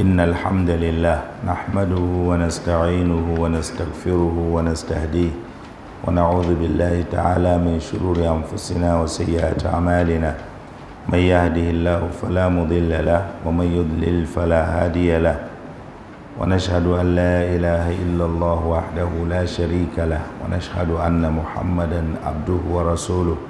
إن الحمد لله نحمده ونستعينه ونستغفره ونستهديه ونعوذ بالله تعالى من شرور أنفسنا وسيئات أعمالنا من يهده الله فلا مضل له ومن يضلل فلا هادي له ونشهد أن لا إله إلا الله وحده لا شريك له ونشهد أن محمدا عبده ورسوله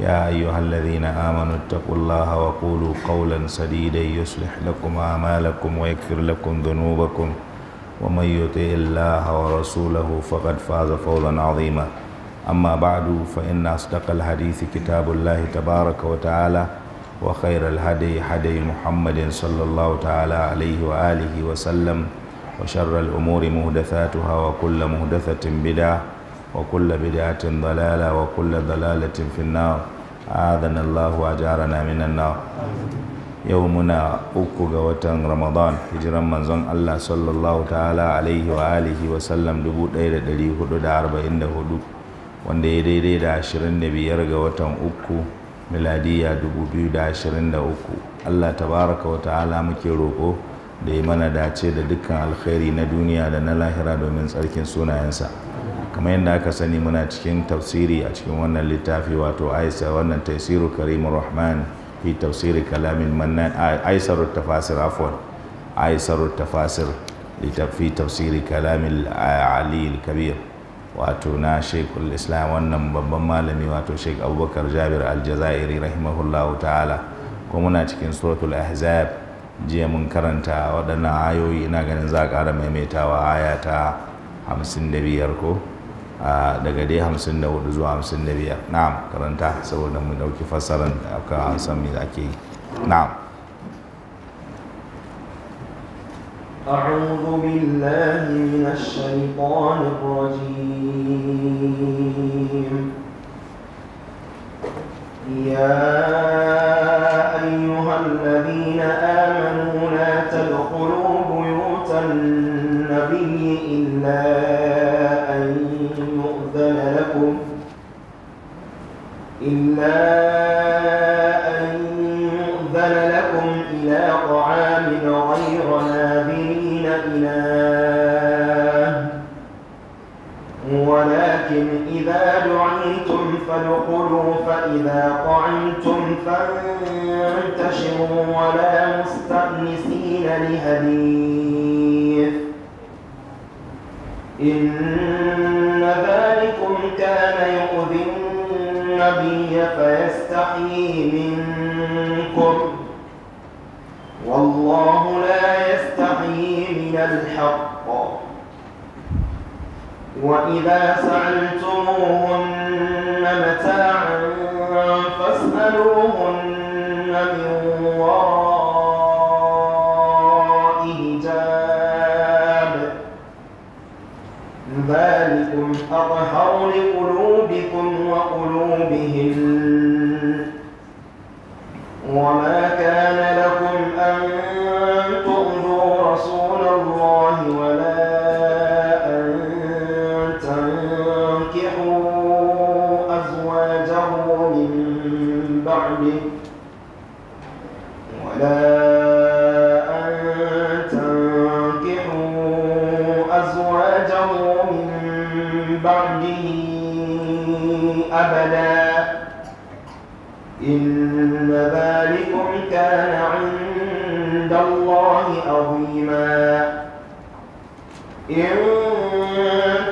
يا أيها الذين آمنوا اتقوا الله وقولوا قولا سديدا يصلح لكم أعمالكم ويكفر لكم ذنوبكم ومن يطع الله ورسوله فقد فاز فوزا عظيما أما بعد فإن أصدق الحديث كتاب الله تبارك وتعالى وخير الهدي هدي محمد صلى الله تعالى عليه وآله وسلم وشر الأمور مهدثاتها وكل مهدثة بدعة وكل بدعة ضلالة وكل ضلالة في النار آذن الله وأجارنا من النار يومنا أكو وتن رمضان هجرا من زن الله صلى الله تعالى عليه وآله وسلم دبو da دلي هدو دا أربعين دا هدو wanda ya daidai da biyar ga watan uku miladiya 2023 Allah tabaraka wa ta'ala muke roƙo da ya mana dace da dukkan alkhairi na duniya da na lahira domin tsarkin sunayensa kamar yadda aka sani muna cikin tafsiri a cikin wannan littafi wato aisa wannan tafsiru karimur rahman fi tafsiri kalamin mannan aisarut tafasir afon aisarut tafasir fi tafsiri kalamin ali kabir wato na shekul islam wannan babban malami wato shek abubakar jabir aljazairi rahimahullahu ta'ala ko muna cikin suratul ahzab jiya mun karanta waɗannan ayoyi ina ganin za a ƙara maimaitawa aya ta 55 ko Ah, daga dai hamsin da hudu zuwa hamsin da biyar na'am karanta saboda mu dauki fassarar da aka san mai ake yi na'am أعوذ بالله من الشيطان الرجيم يا أيها الذين آمنوا إلا أن يؤذن لكم إلى طعام غير ناظرين إله ولكن إذا دعيتم فادخلوا فإذا طعمتم فانتشروا ولا مستأنسين لحديث إن ذلكم كان يؤذي النبي فيستحي منكم والله لا يستحي من الحق وإذا سألتموهن متاعا فاسألوهن من وراء لكم أظهر لقلوبكم وقلوبهم وما كان لكم أن تؤذوا رسول الله ولا أن تنكحوا أزواجه من بعده ولا أبدا إن ذلكم كان عند الله عظيما إن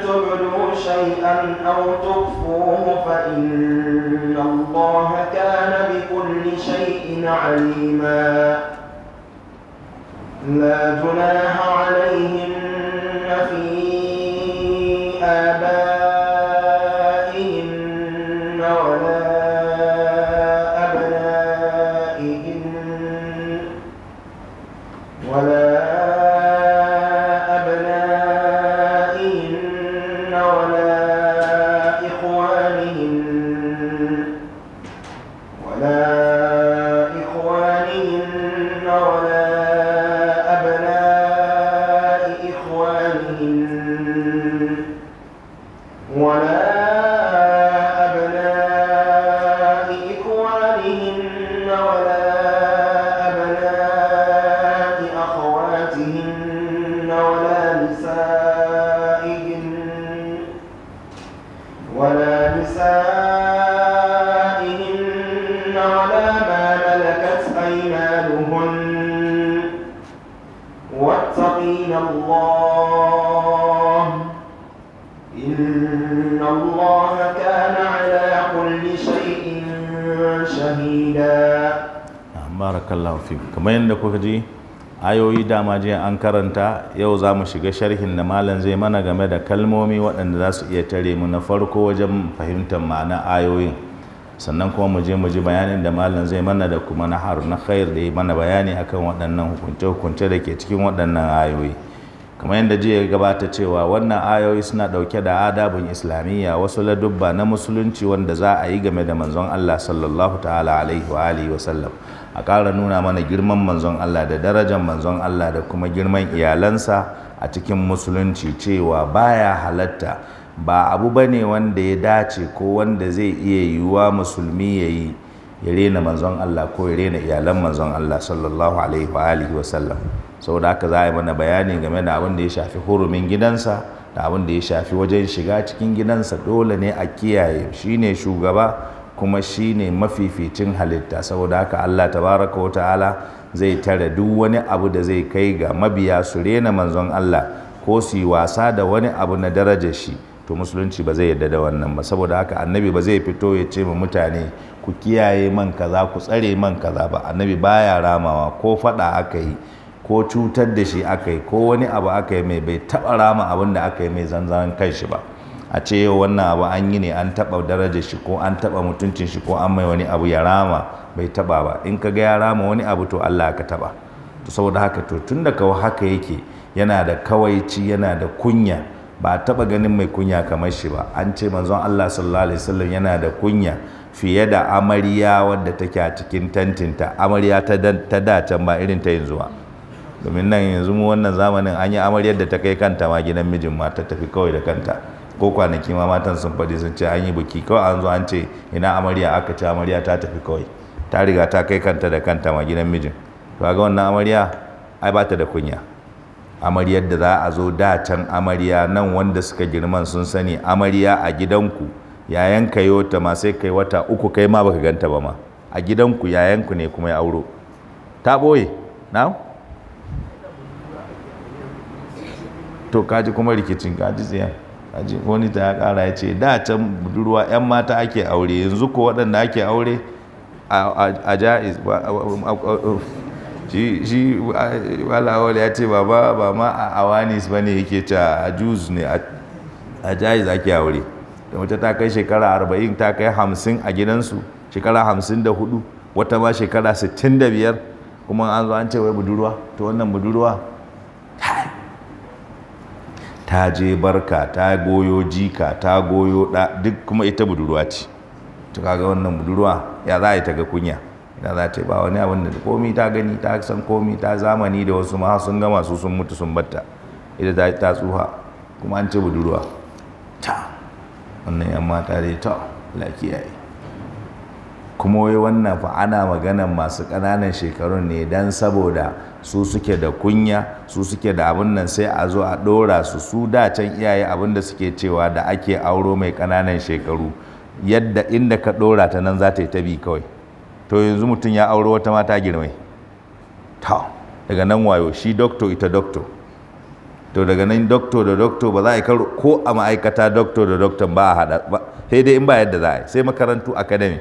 تبدوا شيئا أو تخفوه فإن الله كان بكل شيء عليما لا جناح عليهن في آبائهم kamar yadda kuka ji ayoyi dama jiya an karanta yau za mu shiga sharhin da malam zai mana game da kalmomi waɗanda za su iya tare mu na farko wajen fahimtar ma'ana ayoyi sannan kuma mu je mu ji bayanin da malam zai mana da kuma na har na khair da ya mana bayani akan waɗannan hukunce-hukunce da ke cikin waɗannan ayoyi kamar yadda jiya gabata cewa wannan ayoyi suna ɗauke da adabin islamiyya wasu ladubba na musulunci wanda za a yi game da manzon Allah sallallahu ta'ala alaihi wa alihi wa a ƙara nuna mana girman manzon Allah da darajar manzon Allah da kuma girman iyalansa a cikin musulunci cewa baya halatta ba abu bane wanda ya dace ko wanda zai iya yiwuwa musulmi ya yi ya rena manzon Allah ko ya rena iyalan manzon Allah sallallahu alaihi wa alihi wa sau da haka za a yi mana bayani game da abin da ya shafi hurumin gidansa da abin da ya shafi wajen shiga cikin gidansa dole ne a kiyaye shi ne shugaba kuma shi ne mafificin halitta saboda haka Allah tabaraka wa ta'ala zai tare duk wani abu da zai kai ga mabiya su rena manzon Allah ko su yi wasa da wani abu na daraja shi to musulunci ba zai yarda da wannan ba saboda haka annabi ba zai fito ya ce ma mutane ku kiyaye man kaza ku tsare man kaza ba annabi baya ramawa ko faɗa aka yi ko cutar da shi aka yi ko wani abu aka yi mai bai taɓa rama abin da aka yi mai zanzan kai shi ba a ce yau wannan abu an yi ne an taɓa daraja shi ko an taɓa mutuncin shi ko an mai wani abu ya rama bai taɓa ba in ka ga ya rama wani abu to Allah ka taɓa to saboda haka to tun da kawai haka yake yana da kawaici yana da kunya ba a taɓa ganin mai kunya kamar shi ba an ce manzon Allah sallallahu alaihi wasallam yana da kunya fiye da amarya wadda take a cikin tantinta amarya ta da can ba irin ta yanzu ba domin nan yanzu mu wannan zamanin an yi amaryar da ta kai kanta ma gidan mijin ma ta tafi kawai da kanta ko kwanaki ma matan sun faɗi sun ce an yi biki kawai an zo an ce ina amarya aka ce amarya ta tafi kawai ta riga ta kai kanta da kanta ma gidan mijin to ga wannan amarya ai bata da kunya amaryar da za a zo da can amarya nan wanda suka girma sun sani amarya a gidanku yayan kayo ta ma sai kai wata uku kai ma baka ganta ba ma a gidanku yayanku ne kuma ya auro ta boye na'am to kaji kuma rikicin kaji tsiyan kaji wani ta ya kara ya ce da can budurwa yan mata ake aure yanzu ko waɗanda ake aure a ja'iz shi walawal ya ce baba ba ma a awanis ba ne yake ta a juz ne a Jaiz ake aure da wata ta kai shekara arba'in ta kai hamsin a gidansu shekara hamsin da hudu wata ma shekara sittin da biyar kuma an zo an ce wai budurwa ta wannan budurwa ta je barka ta goyo jika ta goyo ɗa duk kuma ita budurwa ce to kaga wannan budurwa ya za a yi ta ga kunya ya za ta yi ba wani abin da komi ta gani ta san komi ta zamani da wasu ma sun gama su sun mutu sun batta ita ta ta tsuha kuma an ce budurwa ta wannan yan mata dai ta lafiya yi kuma wai wannan fa ana maganan masu ƙananan shekarun ne dan saboda su suke da kunya su suke da abin nan sai a zo a ɗora su su da can iyaye abin da suke cewa da ake auro mai ƙananan shekaru yadda inda ka ɗora ta nan za ta yi ta bi kawai to yanzu mutum ya auro wata mata girmai ta daga nan wayo shi dokto ita dokto to daga nan dokto da dokto ba za a yi karo ko a ma'aikata dokto da doktor ba a haɗa sai dai in ba yadda za a yi sai makarantu academy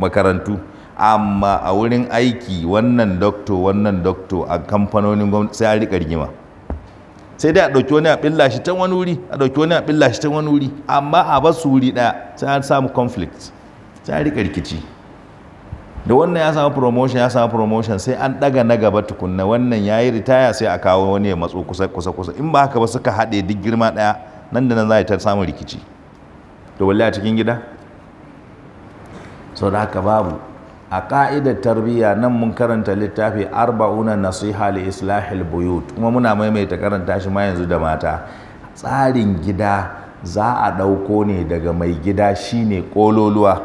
makarantu amma a wurin aiki wannan dokto wannan dokto a kamfanonin gwamnati sai a rika rigima sai dai a ɗauki wani a ɓilla shi can wani wuri a ɗauki wani a ɓilla shi can wani wuri amma a ba su wuri ɗaya sai an samu conflict sai a rika rikici da wannan ya samu promotion ya samu promotion sai an ɗaga na gaba tukunna wannan ya yi ritaya sai a kawo wani ya matso kusa kusa kusa in ba haka ba suka haɗe duk girma ɗaya nan da nan za a yi ta samun rikici to wallahi a cikin gida sau da haka babu a ƙa'idar tarbiyya nan mun karanta littafi arba'una nasiha li islahil buyut kuma muna maimaita karanta shi ma yanzu da mata tsarin gida za a ɗauko ne daga mai gida shine ƙololuwa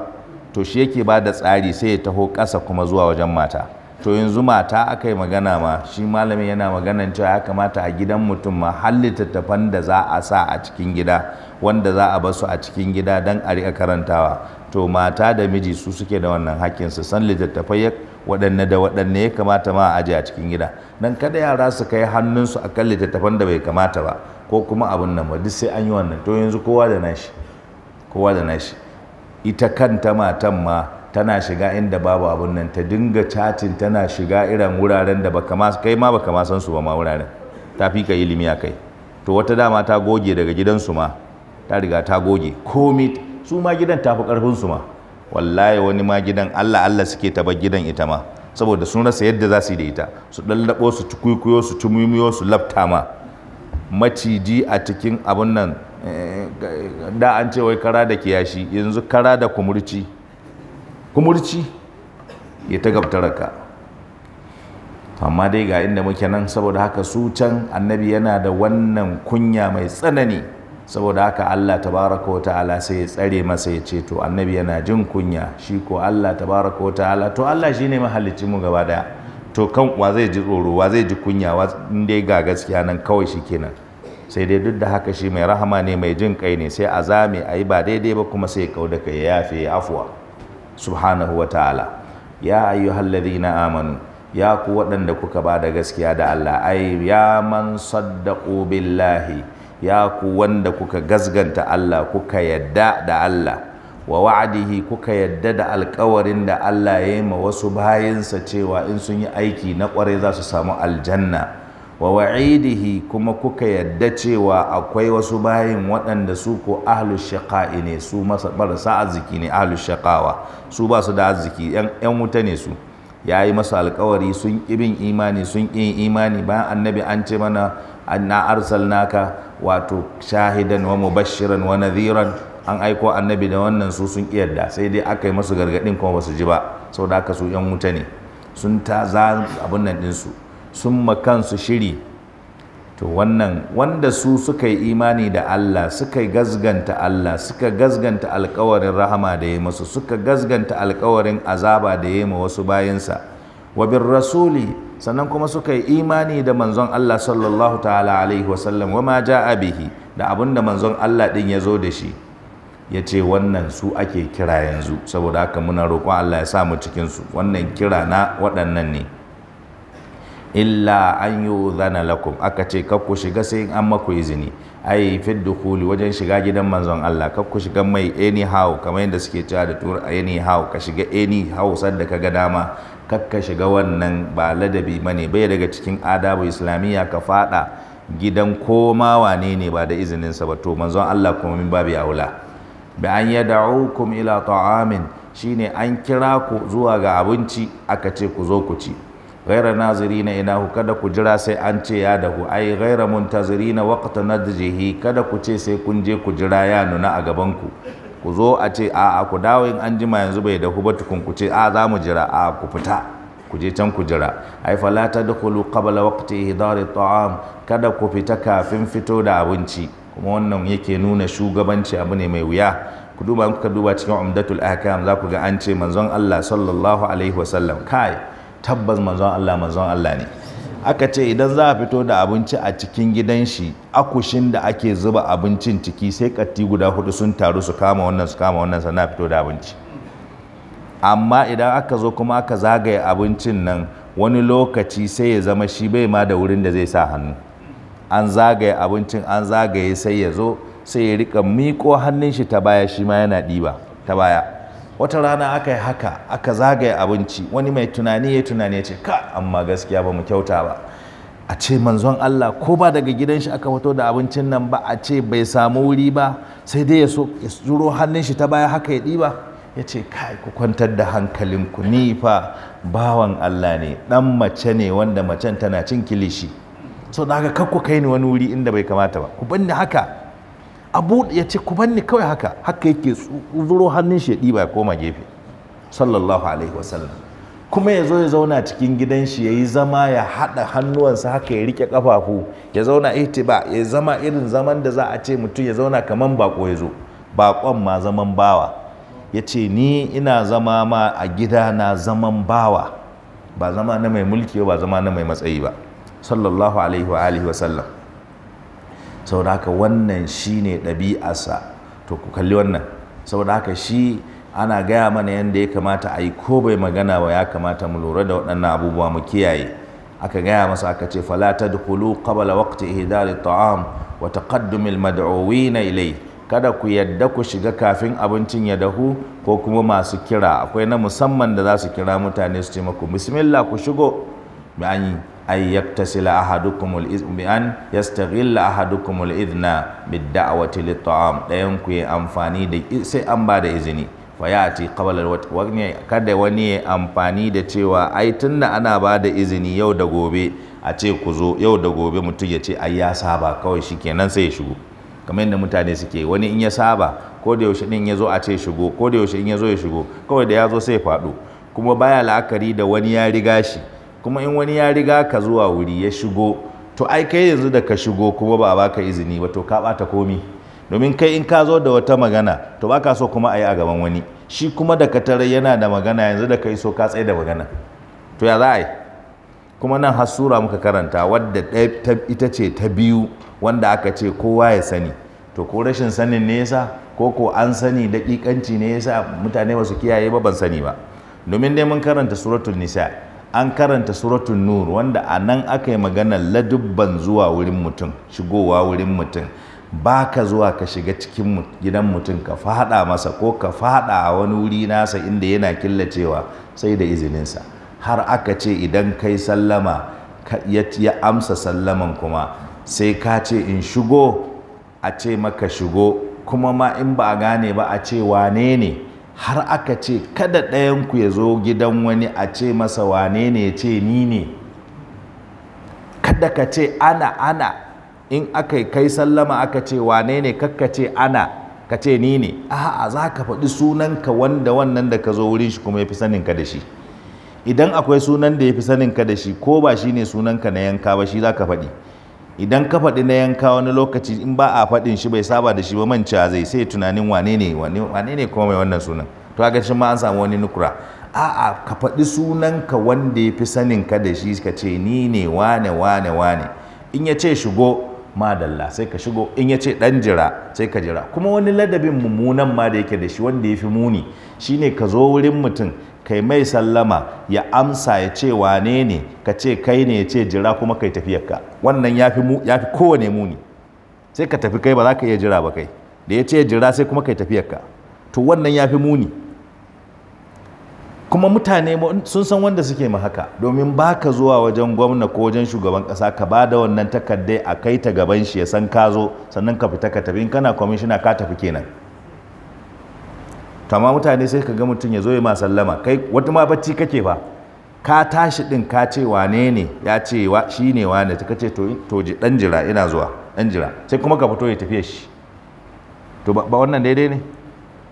to shi yake ba da tsari sai ya taho ƙasa kuma zuwa wajen mata to yanzu mata aka yi magana ma shi malamin yana maganan cewa ya kamata a gidan mutum ma har littattafan da za a sa a cikin gida wanda za a basu a cikin gida don a riƙa karantawa to mata da miji su suke da wannan hakkin su san littattafai waɗanne da waɗanne ya kamata ma a aje a cikin gida dan kada yara su kai hannunsu akan littattafan da bai kamata ba ko kuma abin nan ba duk sai an yi wannan to yanzu kowa da nashi kowa da nashi ita kanta matan ma tana shiga inda babu abun nan ta dinga catin tana shiga irin wuraren da baka ma kai ma baka ma san su ba ma wuraren ta fi ka ilimi a kai to wata dama ta goge daga gidansu ma ta riga ta goge komi su ma gidan tafi karfin su ma wallahi wani ma gidan Allah Allah suke taba gidan ita ma saboda sun rasa yadda za su yi da ita su dallabo su cikuikuyo su cumumiyo su lafta ma maciji a cikin abun nan eh, da an ce wai kara da kiyashi yanzu kara da kumurci kumurci ya ta ka. amma dai ga inda muke nan saboda haka su can annabi yana da wannan kunya mai tsanani saboda haka Allah tabaraka wa ta'ala sai ya tsare masa ya ce to annabi yana jin kunya shi ko Allah tabaraka wa ta'ala to Allah shine mahallicin mu gaba daya to kan wa zai ji tsoro wa zai ji kunya wa in ga gaskiya nan kawai shi kenan sai dai duk da haka shi mai rahama ne mai jin kai ne sai a zame a yi ba daidai ba kuma sai kau da ya yafe afuwa subhanahu wa ta'ala ya na amanu ya ku waɗanda kuka ba da gaskiya da Allah ai ya man saddaqu billahi ya ku wanda kuka gaskanta Allah kuka yadda da Allah wa wa'adihi kuka yadda da alkawarin da Allah ya yi ma wasu bayansa cewa in sun yi aiki na kwarai za su samu aljanna wa wa'idihi kuma kuka yadda cewa akwai wasu bayin waɗanda su ko ahlu shaqa'i ne su marasa arziki ne ahlu shaqawa su ba su da arziki yan wuta ne su ya yi masa alkawari sun ƙi bin imani sun ƙi imani bayan annabi an ce mana an na naka. wato shahidan wa mubashiran wa nadhiran an aiko annabi da wannan su sun kiyarda sai dai aka yi masu gargadin kuma basu ji ba sau da aka su yan wuta ne sun ta za abin nan ɗinsu sun makansu shiri to wannan wanda su suka yi imani da Allah suka gazganta Allah suka gazganta alkawarin rahama da ya masu suka gazganta alkawarin azaba da ya ma wasu bayansa wabin rasuli sannan kuma suka yi imani da manzon Allah sallallahu ta'ala alaihi wasallam wa ma ja'a bihi da abin da manzon Allah ɗin ya zo da shi ya ce wannan su ake kira yanzu saboda haka muna roƙon Allah ya sa mu cikin su wannan kira na waɗannan ne illa an zana lakum aka ce kar shiga sai an maku izini ai fi dukhuli wajen shiga gidan manzon Allah kar shiga mai anyhow kamar yadda suke cewa da tur anyhow ka shiga anyhow sadda ka ga dama kakka shiga wannan ba ladabi bane bai daga cikin adabu islamiyya ka fada gidan koma wane ne ba da izinin sa ba to manzon Allah kuma min babu ya aula bi an yad'ukum ila ta'amin shine an kira ku zuwa ga abinci aka ce ku zo ku ci ghayra nazirina inahu kada ku jira sai an ce ya dahu ai ghayra muntazirina waqta nadjihi kada ku ce sai kun je ku jira ya nuna a gaban ku ku zo a ce a ku dawo in an jima yanzu bai dahu ba tukun ku ce a za mu jira a ku fita ku je can ku jira ai fala tadkhulu qabla waqti ihdari ta'am kada ku fita kafin fito da abinci kuma wannan yake nuna shugabanci abu ne mai wuya ku duba in kuka duba cikin umdatul ahkam za ku ga an ce manzon Allah sallallahu alaihi wasallam kai tabbas manzon Allah manzon Allah ne aka ce idan za a fito da abinci a cikin gidan shi akushin da ake zuba abincin ciki sai katti guda hudu sun taru su kama wannan su kama wannan sana fito da abinci amma idan aka zo kuma aka zagaye abincin nan wani lokaci sai ya zama shi bai ma da wurin da zai sa hannu an zagaye abincin an zagaye sai ya zo sai ya rika miko hannun shi ta baya shi ma yana ɗiba ta baya wata rana aka yi haka aka zagaya abinci wani mai tunani ya tunani ya ce ka amma gaskiya ba mu kyauta ba a ce manzon Allah ko ba daga gidan shi aka fito da abincin nan ba a ce bai samu wuri ba sai dai ya so ya zuro hannun shi ta baya haka ya ɗiba ya ce kai ku kwantar da hankalinku ni fa bawan Allah ne dan mace ne wanda macen tana cin kilishi so da haka kakku kai ni wani wuri inda bai kamata ba ku bani haka abu ya ce ku banni kawai haka haka yake zuro hannun shi ya ɗiba ya koma gefe sallallahu alaihi wasallam kuma ya zo ya zauna cikin gidan shi ya yi zama ya haɗa hannuwansa haka ya rike ƙafafu ya zauna ba ya zama irin zaman da za a ce mutum ya zauna kamar baƙo ya zo Baƙon ma zaman bawa ya ce ni ina zama ma a gida na zaman bawa ba zama na mai mulki ba zama na mai matsayi ba sallallahu alaihi wa sallam saboda haka wannan shi ne ɗabi'arsa to ku kalli wannan saboda haka shi ana gaya mana yadda ya kamata a yi ko bai magana ba ya kamata mu lura da waɗannan abubuwa mu kiyaye aka gaya masa aka ce fala tadkhulu qabla waqti ihdari ta'am wa taqaddumil na ilai kada ku yadda ku shiga kafin abincin ya dahu ko kuma masu kira akwai na musamman da za su kira mutane su ce maku bismillah ku shigo mai an yi ay yaktasila ahadukum al izmian an yastaghilla ahadukum al-idhna bid-da'wati lit-ta'am dayan ku yi amfani da sai an ba da izini fa yati qabla wani kada wani ya amfani da cewa ai tunda ana ba da izini yau da gobe a ce ku zo yau da gobe mutum ya ce ai ya saba kawai shikenan sai ya shigo kamar yadda mutane suke wani in ya saba ko da yaushe din ya zo a ce shigo ko da yaushe in ya zo ya shigo kawai da ya zo sai ya faɗo kuma baya la'akari da wani ya riga shi kuma in wani ya riga ka zuwa wuri ya shigo to ai kai yanzu da ka shigo kuma ba baka izini ba to ka bata komi domin kai in ka zo da wata magana to baka so kuma yi a gaban wani shi kuma da ka tarai yana da magana yanzu da kai so ka tsaye da magana to ya za a yi kuma nan har muka karanta wadda ita ce ta biyu wanda aka ce kowa ya sani to ko rashin sanin ne yasa ko ko an sani daƙiƙanci ne yasa mutane ba su kiyaye ba ban sani ba domin dai mun karanta suratul nisa an karanta suratun nur wanda a nan aka yi maganar ladubban zuwa wurin mutum shigowa wurin mutum ba ka zuwa ka shiga cikin gidan mutum ka fada masa ko ka fada a wani wuri nasa inda yana killacewa sai da izininsa har aka ce idan kai sallama ya amsa sallaman kuma sai ka ce in shigo a ce maka shigo kuma ma in ba a gane ba a ce wane ne har aka ce kada ɗayanku ya zo gidan wani a ce masa wane ne ya ce ni ne kada ka ce ana ana in aka kai sallama aka ce wane ne kakka ce ana ka ce ni ne a'a za ka faɗi sunanka wanda wannan da ka zo wurin shi kuma ya fi sanin da shi idan akwai sunan da ya fi sanin ka da shi ko ba shi ne sunanka na yanka ba shi za ka faɗi idan ka faɗi na yanka wani lokaci in ba a faɗin shi bai saba da shi ba manca zai sai tunanin wane ne wane ne kuma mai wannan sunan to ga shi ma an samu wani nukura a'a ka faɗi sunan ka wanda ya fi sanin ka da shi ka ce ni ne wane wane wane in ya ce shigo madalla sai ka shigo in ya ce ɗan jira sai ka jira kuma wani ladabin mummunan ma da yake da shi wanda ya fi muni shine ka zo wurin mutum kai mai sallama ya amsa ya ce wane ne ka ce kai ne ya ce jira kuma kai tafiyarka wannan ya fi kowane muni sai ka tafi kai ba za ka iya jira ba kai da ya ce jira sai kuma kai tafiyarka to wannan ya fi muni kuma mutane sun san wanda suke ma haka domin ba ka zuwa wajen gwamna ko wajen shugaban kasa ka ba da wannan takardai a kai ta gaban shi ya san ka zo sannan ka fita ka tafi in kana kwamishina ka tafi kenan to mutane sai ka ga mutum ya zo ya ma sallama kai wata ma bacci kake fa ka tashi din ka ce wane ne ya ce wa shi ne wane ta kace to to dan jira ina zuwa dan jira sai kuma ka fito ya tafiye shi to ba wannan daidai ne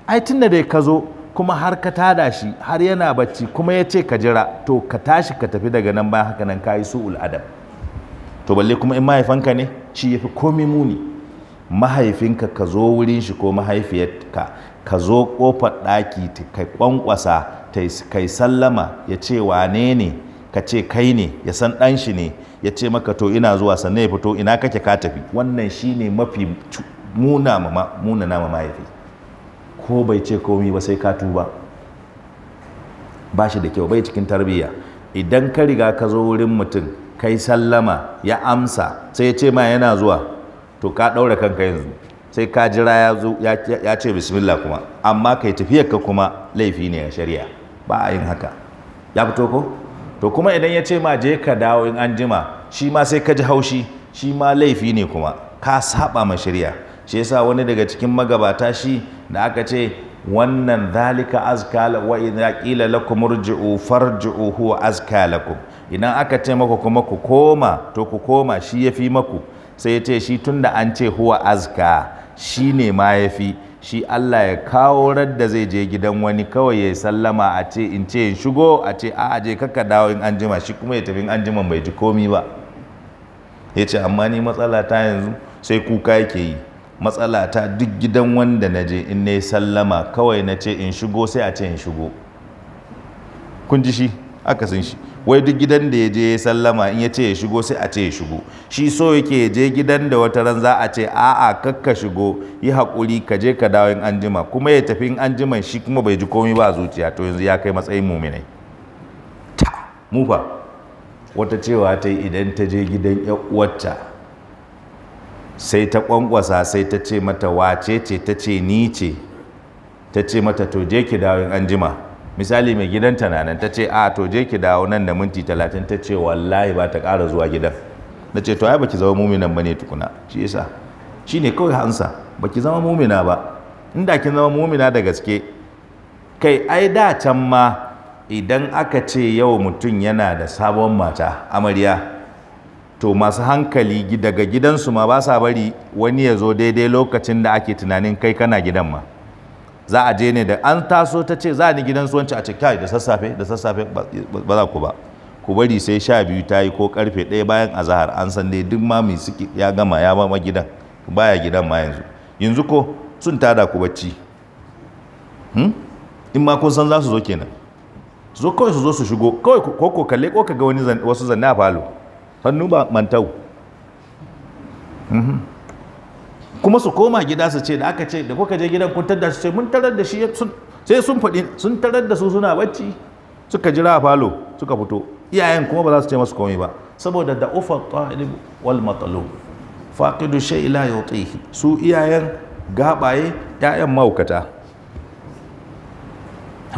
ai tunda dai ka zo kuma har ka tada shi har yana bacci kuma ya ce ka jira to ka tashi ka tafi daga nan bayan haka nan ka yi su'ul adab to balle kuma in mahaifanka ne shi yafi fi komi muni mahaifinka ka zo wurin shi ko mahaifiyarka ka zo ƙofar ɗaki ka ƙwanƙwasa kai sallama ya ce wane ne ka ce kai ne ya san ɗan shi ne ya ce maka to ina zuwa sannan ya fito ina kake ka tafi wannan shi ne mafi muna ma mahaifi ko bai ce komi ba sai ka tuba ba shi da kyau bai cikin tarbiyya idan ka riga ka zo wurin mutum kai sallama ya amsa sai ya ce ma yana zuwa to ka ɗaura kanka yanzu sai ka jira ya zo ya ce bismillah kuma amma kai tafiyar ka kuma laifi ne a shari'a ba a yin haka ya fito ko to kuma idan ya ce ma je ka dawo in an jima shi ma sai ka ji haushi shi ma laifi ne kuma ka saba ma shari'a shi yasa wani daga cikin magabata shi da aka ce wannan zalika azka wa idza qila lakum urji'u farji'u huwa azka lakum idan aka ce maku kuma ku koma to ku koma shi yafi maku sai ya ce shi tunda an ce huwa azka shi ne ma ya fi shi Allah ya kawo radda zai je gidan wani kawai ya sallama a ce in ce in shigo a ce a aje kaka dawo in anjima jima shi kuma ya tafi in an bai ji komi ba ya ce amma ni matsala ta yanzu sai kuka yake yi matsala ta duk gidan wanda na je in na sallama kawai na ce in shigo sai a ce in shigo kun ji shi san shi wai duk gidan da ya je ya sallama in ya ce ya shigo sai a ce ya shigo shi so yake je gidan da wata ran za a ce a'a kakka shigo yi hakuri ka je ka dawo in anjima kuma ya tafi in anjima shi kuma bai ji komai ba zuciya to yanzu ya kai matsayin muminai ta mufa wata cewa ta idan ta je gidan ya uwarta sai ta kwankwasa sai ta ce mata wace ce ta ce ni ce ta ce mata to je ki dawo in anjima misali mai gidan tananan ta ce a to je ki dawo nan da minti talatin ta ce wallahi ba ta ƙara zuwa gidan na ce to ai baki zama muminan ba ne tukuna shi yasa shi ne kawai hansa baki zama mumina ba inda kin zama mumina da gaske kai ai da can ma idan aka ce yau mutum yana da sabon mata amarya to masu hankali daga gidansu ma ba sa bari wani ya zo daidai lokacin da ake tunanin kai kana gidan ma za a je ne da an taso ta ce za ni gidan suwanci a ce kai da sassafe da sassafe ba za ku ba ku bari sai sha biyu ta yi ko karfe ɗaya bayan azahar an san dai duk ma mai suke ya gama ya ma gidan baya gidan ma yanzu yanzu ko sun tada ku bacci hmm? in ma kun san za su zo kenan zo kawai su zo su shigo kawai ko ko kalle ko ka ga wani wasu zanne a falo hannu ba mantau hmm? kuma su koma gida su ce da aka ce da kuka je gidan kun tada su ce mun tarar da shi sai sun faɗi sun tarar da su suna bacci suka jira a falo suka fito iyayen kuma ba za su ce masu komai ba saboda da ufa talib wal matalu faqidu shay la yutihi su iyayen gabaye ƴaƴan maukata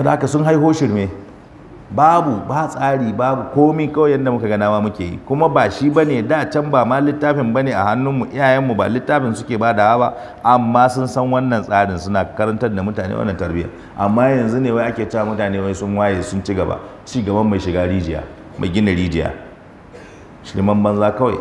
haka sun haiho shirme babu ba tsari babu komi kawai yadda muka gana muke yi kuma ba shi bane da can ba ma littafin bane a hannunmu iyayenmu ba littafin suke badawa ba amma sun san wannan tsarin suna karantar da mutane wannan tarbiyya amma yanzu ne wai ake cewa mutane wai sun waye sun ci gaba ci gaban mai shiga rijiya mai gina rijiya shirman banza kawai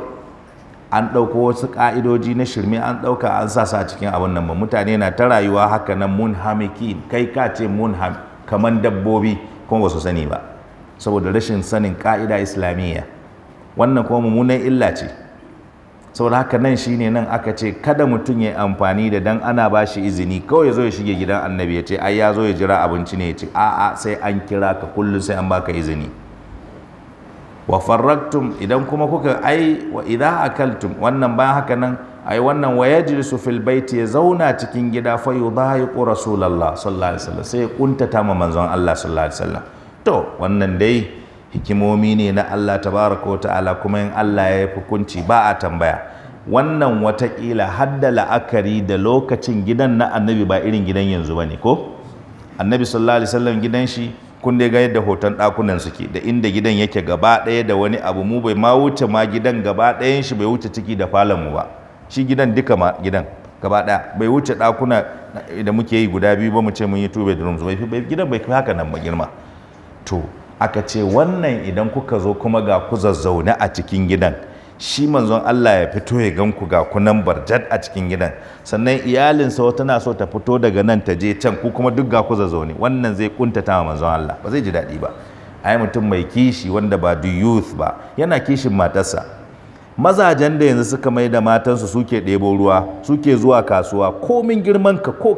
an ɗauko wasu ƙa'idoji na shirme an ɗauka an sa sa cikin abin nan ba mutane na ta rayuwa haka nan munhamikin kai ka ce munham kamar dabbobi kuma ba su sani ba saboda rashin sanin ka'ida islamiyya wannan kuma mummunan illa ce saboda haka nan shine nan aka ce kada mutum ya amfani da dan ana ba shi izini kawai ya zo ya shige gidan annabi ya ce ai ya zo ya jira abinci ne ya ce a'a sai an kira ka kullum sai an baka izini wa farraktum idan kuma kuka ai wa idza akaltum wannan ba haka nan ai wannan wa yajlisu fil baiti ya zauna cikin gida fa yudhayiqu rasulullah sallallahu alaihi wasallam sai ya kuntata ma manzon Allah sallallahu alaihi wasallam to wannan dai hikimomi ne na Allah tabaraka ta'ala kuma in Allah ya yi hukunci ba a tambaya wannan watakila hadda la'akari da lokacin gidan na annabi ba irin gidan yanzu ba ne ko annabi sallallahu alaihi wasallam gidan shi kun dai ga yadda hoton ɗakunan suke da inda gidan yake gaba ɗaya da wani abu mu bai ma wuce ma gidan gaba ɗayan shi bai wuce ciki da falon mu ba shi gidan duka ma gidan gaba ɗaya bai wuce ɗakuna da muke yi guda biyu ba mu ce mun yi two bedrooms bai gidan bai haka nan ba girma to aka ce wannan idan kuka zo kuma ga ku zazzaune a cikin gidan shi manzon Allah ya fito ya gan ku ga kunan barjat a cikin gidan sannan iyalinsa wata na so ta fito daga nan ta je can ku kuma duk ga ku zazzaune wannan zai kuntata ma manzon Allah ba zai ji daɗi ba ai mutum mai kishi wanda ba du youth ba yana kishin matarsa mazajen da yanzu suka mai da matansu suke ɗebo ruwa suke zuwa kasuwa komin girman ka ko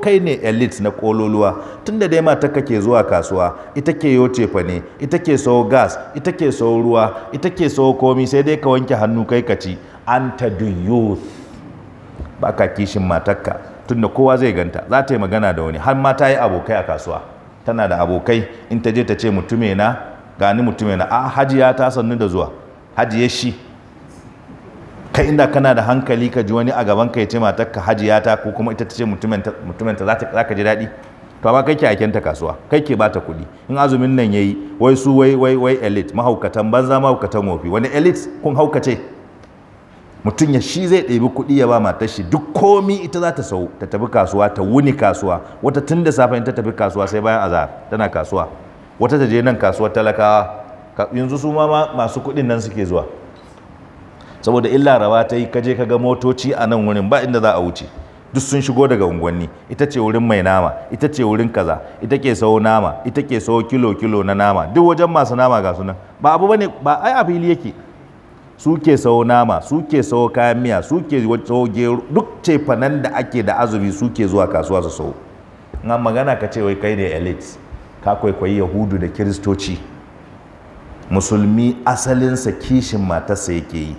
kai ne elite na kololuwa tunda dai mata kake zuwa kasuwa ita ke yo cefa ne ita ke sau gas ita ke sau ruwa ita ke sau komi sai dai ka wanke hannu kai ka ci an ta youth ba ka kishin matarka tunda kowa zai ganta za ta yi magana da wani har mata yi abokai a kasuwa tana da abokai in ta je ta ce mutume gani mutume na a hajiya ta sannu da zuwa hajiyashi. shi kai inda kana da hankali ka ji wani a gaban ka ya ce matar ka hajiya ta ko kuma ita ta ce mutumin ta za ka ji daɗi to amma kai ke aiken ta kasuwa kai ke bata kuɗi in azumin nan yayi wai su wai wai wai elite mahaukatan banza mahaukatan wofi wani elite kun haukace mutum ya shi zai ɗebi kuɗi ya ba matar shi duk komi ita za ta sau ta tafi kasuwa ta wuni kasuwa wata tun da safe in ta tafi kasuwa sai bayan azahar tana kasuwa wata ta je nan kasuwar talakawa yanzu su ma masu kuɗin nan suke zuwa saboda illa rawa ta yi kaje ka ga motoci a nan wurin ba inda za a wuce duk sun shigo daga unguwanni ita ce wurin mai nama ita ce wurin kaza ita ke sau nama ita ke sau kilo kilo na nama duk wajen masu nama ga sunan ba abu bane ba ai a fili yake su ke sau nama su ke sau kayan miya su ke sau gero duk ce fanan da ake da azumi su ke zuwa kasuwa su sau. na magana ka ce wai kai ne elite ka kwaikwayi yahudu da kiristoci musulmi asalinsa kishin matarsa yake yi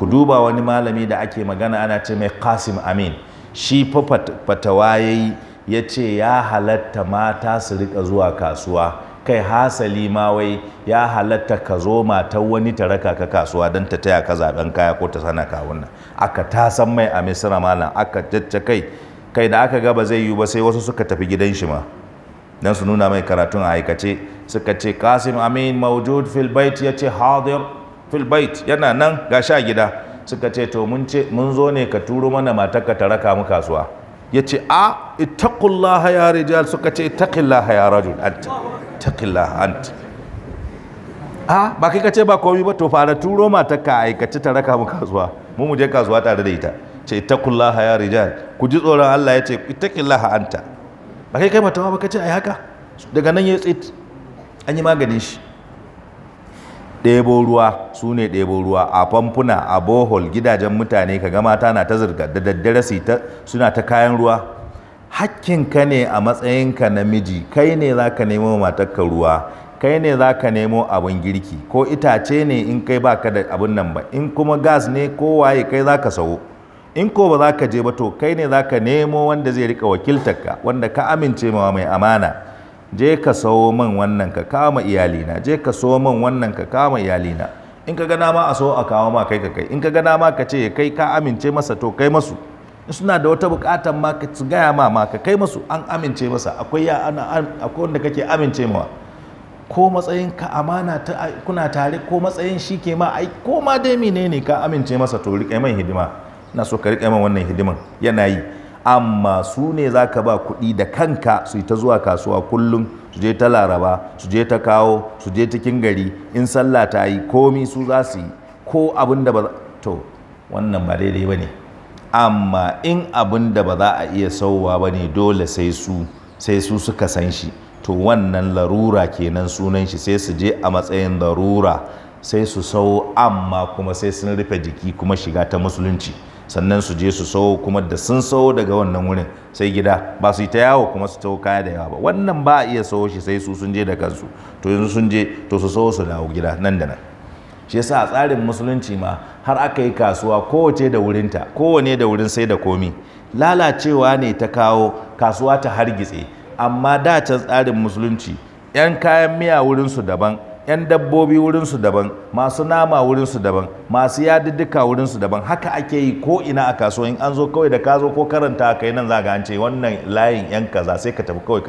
ku duba wani malami da ake magana ana ce mai Kasim Amin shi fa ya ce ya halatta mata su rika zuwa kasuwa kai hasali ma wai ya halatta ka zo matar wani ta raka ka kasuwa don ta taya ka zaben kaya ko ta sana kawunna. aka ta san mai a misira malam aka jacce kai kai da aka ga ba zai yi ba sai wasu suka tafi gidan shi ma dan su nuna mai karatun a aikace suka ce kasim amin maujud fil ya ce hadir filbait yana nan ga sha gida suka ce to mun ce mun zo ne ka turo mana matar ta raka mu kasuwa ya ce a itaqullaha ya rijal suka ce itaqillaha ya rajul ant ittaqillaha ant a ba kai ka ce ba komai ba to fara turo matarka aikace ta raka mu kasuwa mu mu je kasuwa tare da ita ce itaqullaha ya rijal ku ji tsoron Allah ya ce itaqillaha anta ba kai kai mata ba ka ce ai haka daga nan ya tsit an yi maganin shi ɗebo ruwa su ne ɗebo ruwa a famfuna a bohol gidajen mutane ka ga mata na ta zirga da daddare suna ta kayan ruwa Hakkin ka ne a matsayin matsayinka namiji kai ne za ka nemo matarka ruwa kai ne za ka nemo abin girki ko itace ne in kai ba ka da abin nan ba in kuma gas ne ko waye kai za ka sawo in ko ba za ka je ba to kai ne za ka nemo wanda zai rika ka, wanda ka amince ma mai amana je ka sawo man wannan ka kama iyalina je ka sawo man wannan ka kama iyalina in ka gana ma a so a kawo ma kai ka kai in ka gana ma ka ce kai ka amince masa to kai masu suna da wata bukatan ma ka su gaya ma ma ka kai masu an amince masa akwai ya ana akwai wanda kake amince ma, ko matsayin ka amana ta kuna tare ko matsayin shi ke ma ai ko ma dai menene ka amince masa to rike man hidima ina so ka rike man wannan hidiman yana yi amma su ne za ka ba kuɗi da kanka su yi ta zuwa kasuwa kullum su je ta laraba su je ta kawo su je cikin gari in sallah ta yi komi su za su yi ko abin da ba to wannan ba daidai ba ne amma in abin da ba za a iya sauwa ba ne dole sai su sai su suka san shi to wannan larura kenan sunan shi sai su je a matsayin larura sai su sau amma kuma sai sun rufe jiki kuma shiga ta musulunci sannan su je su sau kuma da sun sau daga wannan wurin sai gida ba su yi ta yawo kuma su tau kaya da yawa ba wannan ba a iya sau shi sai su sun je da kansu to yanzu sun je to su sau su dawo gida nan da nan shi yasa a tsarin musulunci ma har aka yi kasuwa kowace da wurinta kowane da wurin sai da komi lalacewa ne ta kawo kasuwa ta hargitse amma da can tsarin musulunci 'yan kayan miya wurinsu daban 'yan dabbobi wurinsu daban masu nama wurinsu daban masu yadiddika wurinsu daban haka ake yi ko ina a kasuwa in an zo kawai da ka zo ko karanta ka yi nan za ga an ce wannan layin 'yan kaza sai ka tafi kawai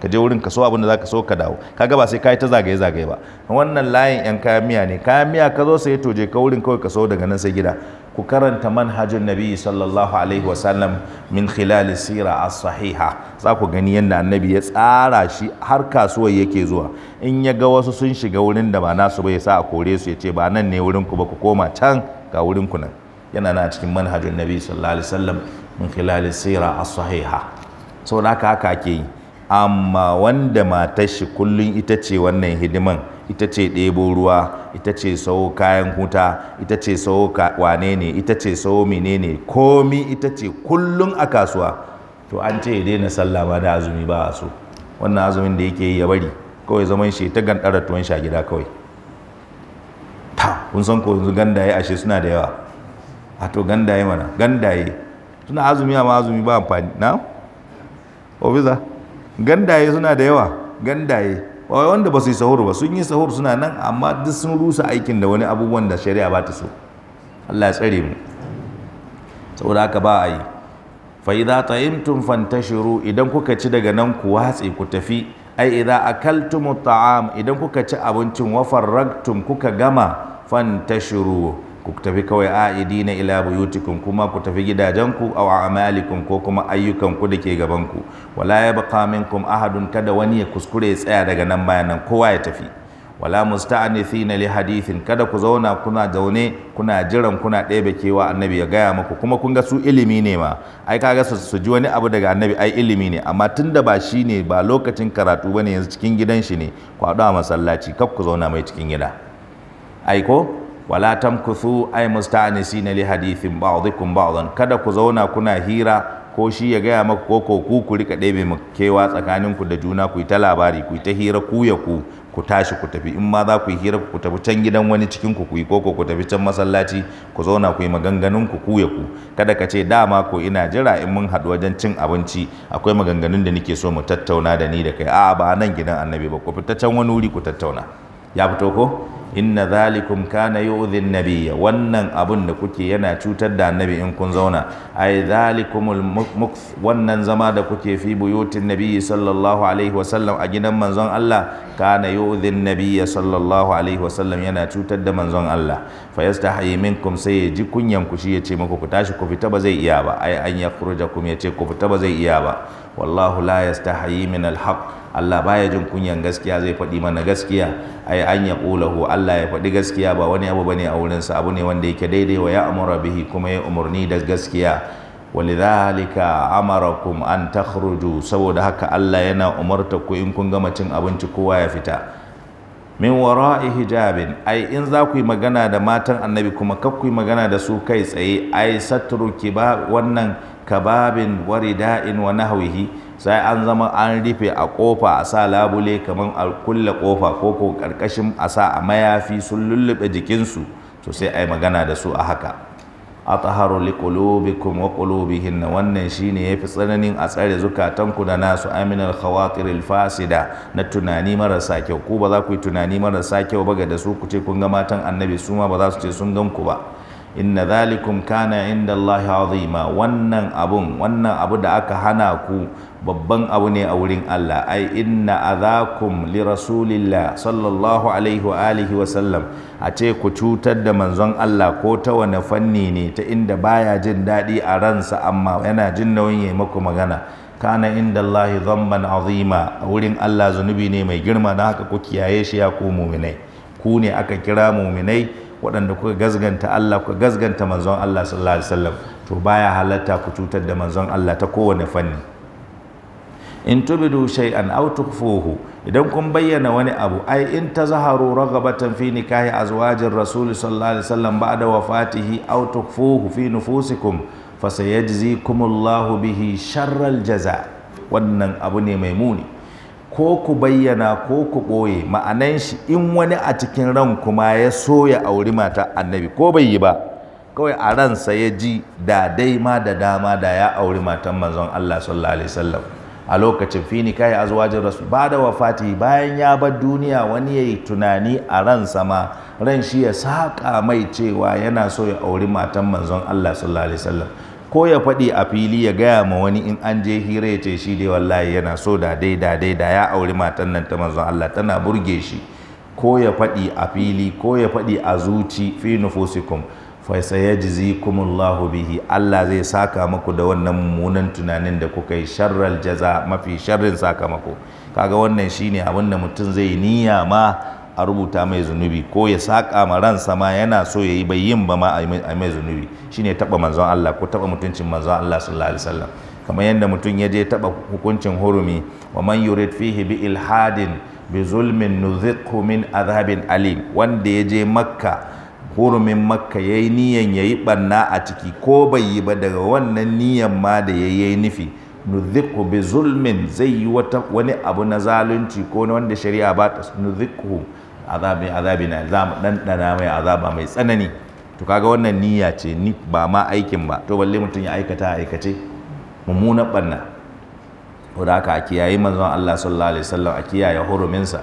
ka je wurin kaso abin da za ka so ka dawo kaga ba sai ka yi ta zagaye zagaye ba wannan layin 'yan kayan miya ne kayan miya ka zo sai to je ka wurin kawai kaso daga nan sai gida ku karanta manhajin nabi sallallahu alaihi wasallam min khilal sira as-sahiha za ku gani yadda annabi ya tsara shi har kasuwar yake zuwa in ya ga wasu sun shiga wurin da ba nasu ba ya sa a kore su ya ce ba nan ne wurin ku ba ku koma can ga wurin ku nan yana na cikin manhajin nabi sallallahu alaihi wasallam min khilal sira as-sahiha saboda haka haka ake yi amma wanda matar shi kullun ita ce wannan hidiman ita ce ɗebo ruwa ita ce sau kayan huta ita ce sau wane ne ita ce sawo menene komi ita ce kullum a kasuwa to an ce ya daina sallah ma da azumi ba a so wannan azumin da yake yi ya bari kawai zaman shi ta gandara tuwon sha gida kawai ta kun san ko yanzu gandaye ashe suna da yawa a to gandaye mana gandaye suna azumi amma azumi ba amfani na ofisa gandaye suna da yawa gandaye ba wanda ba su yi sahur ba sun yi sahur suna nan amma duk sun rusa aikin da wani abubuwan da shari'a ba ta so Allah ya tsare mu saboda haka ba a yi fa idza ta'imtum fantashiru idan kuka ci daga nan ku watsi ku tafi ai idza akaltum ta'am idan kuka ci abincin wa farragtum kuka gama fantashiru ku tafi kawai a'idina ila buyutikum kuma ku tafi gidajenku aw a'malikum ko kuma ayyukan ku da ke gabanku wala ya yabqa minkum ahadun kada wani ya kuskure ya tsaya daga nan bayan nan kowa ya tafi wala musta'anithina li hadithin kada ku zauna kuna zaune kuna jiran kuna ɗebe kewa annabi ya gaya muku kuma kun ga su ilimi ne ma ai kaga su su ji wani abu daga annabi ai ilimi ne amma tunda ba shi ne ba lokacin karatu ba ne yanzu cikin gidan shi ne ku haɗu a masallaci kaf ku zauna mai cikin gida Aiko. wala tamkuthu ay musta'nisina li hadithin ba'dikum ba'dan kada ku zauna kuna hira ko shi ya gaya maka ko ko ku ku rika ɗebe mu kewa ku da juna ku yi ta labari ku yi ta hira ku ya ku ku tashi ku tafi in ma za ku yi hira ku tafi can gidan wani cikin ku yi koko ku tafi can masallaci ku zauna ku yi maganganun ku ku ya ku kada ka ce dama ko ina jira in mun haɗu wajen cin abinci akwai maganganun da nake so mu tattauna da ni da kai a'a ba nan gidan annabi ba ku fita can wani wuri ku tattauna ya fito ko inna zalikum kana yu'dhin nabiyya wannan abun da kuke yana cutar da annabi in kun zauna ay zalikumul mukth wannan zama da kuke fi buyutin nabiyyi sallallahu alaihi wasallam a gidan manzon Allah kana yu'dhin nabiyya sallallahu alaihi wasallam yana cutar da manzon Allah fa yastahi minkum sai ya ji kunyan ku shi ya ce muku ku tashi ku fita ba zai iya ba ai an yakhrujakum ya ce ku fita ba zai iya ba wallahu la yastahi min alhaq Allah baya jin kunyan gaskiya zai faɗi mana gaskiya ai an ya ƙulahu Allah ya faɗi gaskiya ba wani abu bane a wurin sa. abu ne wanda yake daidai wa ya amura bihi kuma ya umarni da gaskiya walidhalika amarakum an takhruju saboda haka Allah yana umarta ku in kun gama cin abinci kowa ya fita min wara'i hijabin ai in za ku yi magana da matan annabi kuma kar ku yi magana da su kai tsaye ai satru ba wannan kababin warida'in wa nahwihi sai an zama an rufe a kofa a sa labule kamar a kulle kofa ko ko karkashin a sa a mayafi sun lullube jikinsu to sai a yi magana da su a haka a ataharu liqulubikum wa na wannan shi ne ya fi tsananin a tsare zukatanku da nasu aminal khawatiril fasida na tunani marasa kyau ku ba za ku yi tunani marasa kyau ba ga da su ku ce kun ga matan annabi su ma ba za su ce sun gan ku ba inna zalikum kana inda Allah azima wannan abun wannan abu da aka hana ku babban abu ne a wurin Allah ai inna azakum li rasulillah sallallahu alaihi wa alihi wa sallam a ce ku cutar da manzon Allah ko ta wani fanni ne ta inda baya jin daɗi a ransa amma yana jin nauyin yayi muku magana kana inda Allah zamban azima a wurin Allah zunubi ne mai girma na haka ku kiyaye shi ya ku muminai ku ne aka kira muminai waɗanda kuka gazganta Allah kuka gazganta manzon Allah sallallahu alaihi wasallam to baya halatta ku cutar da manzon Allah ta kowane fanni in tubidu shay'an aw tukfuhu idan kun bayyana wani abu ai in tazaharu raghabatan fi nikahi azwajir rasul sallallahu alaihi wasallam ba'da wafatihi aw tukfuhu fi nufusikum fasayajzikumullahu bihi sharral jaza wannan abu ne mai muni ko ku bayyana ko ku ɓoye ma'anan shi in wani a cikin ran kuma ya so ya auri mata annabi ko bai yi ba kawai a ransa ya ji da dai ma da dama da ya auri matan manzon Allah sallallahu alaihi wasallam a lokacin fi ni kai azwajin rasu ba da wafati bayan ya bar duniya wani yayi tunani a ransa ma ran shi ya saka mai cewa yana so ya auri matan manzon Allah sallallahu alaihi wasallam ko ya faɗi a fili ya gaya ma wani in an je hira ya ce shi dai wallahi yana so da dai da dai da ya auri matan nan ta manzon Allah tana burge shi ko ya faɗi a fili ko ya faɗi a zuci fi nufusikum fa sayajzikumullahu bihi Allah zai saka maku da wannan mummunan tunanin da kuka yi sharral jaza mafi sharrin sakamako kaga wannan shine abin da mutum zai niyya ma a rubuta mai zunubi ko ya saƙa ma ransa ma yana so ya yi bai yin ba ma a mai zunubi shine taɓa manzon Allah ko taɓa mutuncin manzon Allah sallallahu alaihi wasallam kamar yadda mutum ya je taɓa hukuncin hurumi wa man yurid fihi bi ilhadin bi zulmin nuzikhu min azabin alim wanda ya je makka hurumin makka ya yi niyan ya yi ɓanna a ciki ko bai yi ba daga wannan niyan ma da ya yi nufi nuzikhu bi zulmin zai yi wani abu na zalunci ko wanda shari'a ba ta nuzikhu azabi na za mu ɗanɗana mai azaba mai tsanani to kaga wannan niyya ce ni ba ma aikin ba to balle mutum ya aikata aikace mummunan ɓanna to da haka a kiyaye manzon Allah sallallahu alaihi wasallam a kiyaye huruminsa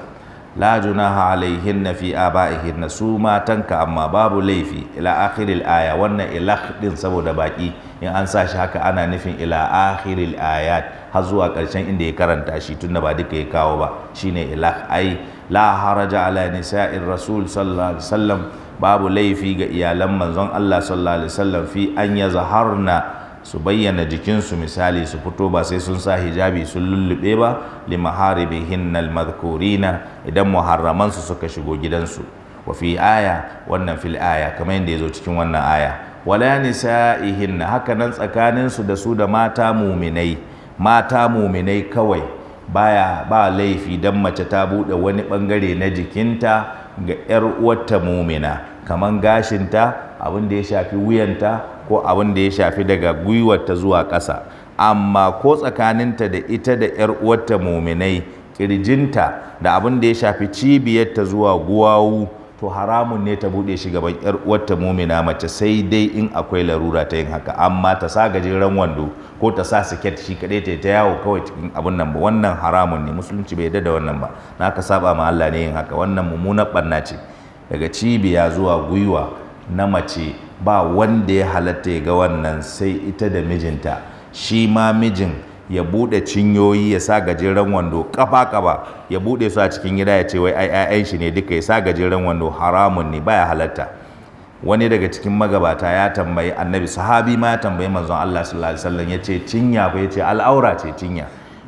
la junaha alaihinna fi aba'ihinna su matanka amma babu laifi ila akhiril aya wannan ila din saboda baki in an sa shi haka ana nufin ila akhiril ayat har zuwa karshen inda ya karanta shi tunda ba duka ya kawo ba shine ila ai la haraja ala nisa'ir rasul sallallahu alaihi wasallam babu laifi ga iyalan manzon Allah sallallahu alaihi wasallam fi an yazharna su bayyana jikinsu misali su fito ba sai sun sa hijabi sun lullube ba li maharibihinna almadhkurina idan muharramansu suka shigo gidansu wa fi aya wannan fil aya kamar yadda yazo cikin wannan aya wala nisaihinna haka nan tsakaninsu da su da mata muminai mata muminai kawai baya ba laifi dan mace ta buɗe wani ɓangare na jikinta ga yar uwarta mumina kaman gashinta abin da ya shafi wuyanta ko abin da ya shafi daga gwiwarta zuwa ƙasa amma ko tsakaninta da ita da ‘yar uwarta muminai kirjinta, da abin da ya shafi cibiyarta zuwa guwawu to haramun ne ta buɗe shi gaban ‘yar uwarta mumina mace sai dai in akwai larura ta yin haka amma ta sa gajeren wando ko ta sa siket shi kadai ta ta yawo kawai cikin abin nan ba wannan haramun ne musulunci bai yarda da wannan ba na saba ma Allah ne yin haka wannan mummunar ɓanna ce daga cibiya zuwa gwiwa na mace ba wanda ya halatta ya ga wannan sai ita da mijinta shi ma mijin ya bude cinyoyi ya sa gajeren wando kafa kafa ya bude su a cikin gida ya ce wai ai ai shi ne duka ya sa gajeren wando haramun ne baya halatta wani daga cikin magabata ya tambayi annabi sahabi ma ya tambayi manzon Allah sallallahu alaihi wasallam ya ce cinya ba ya ce al'aura ce cinya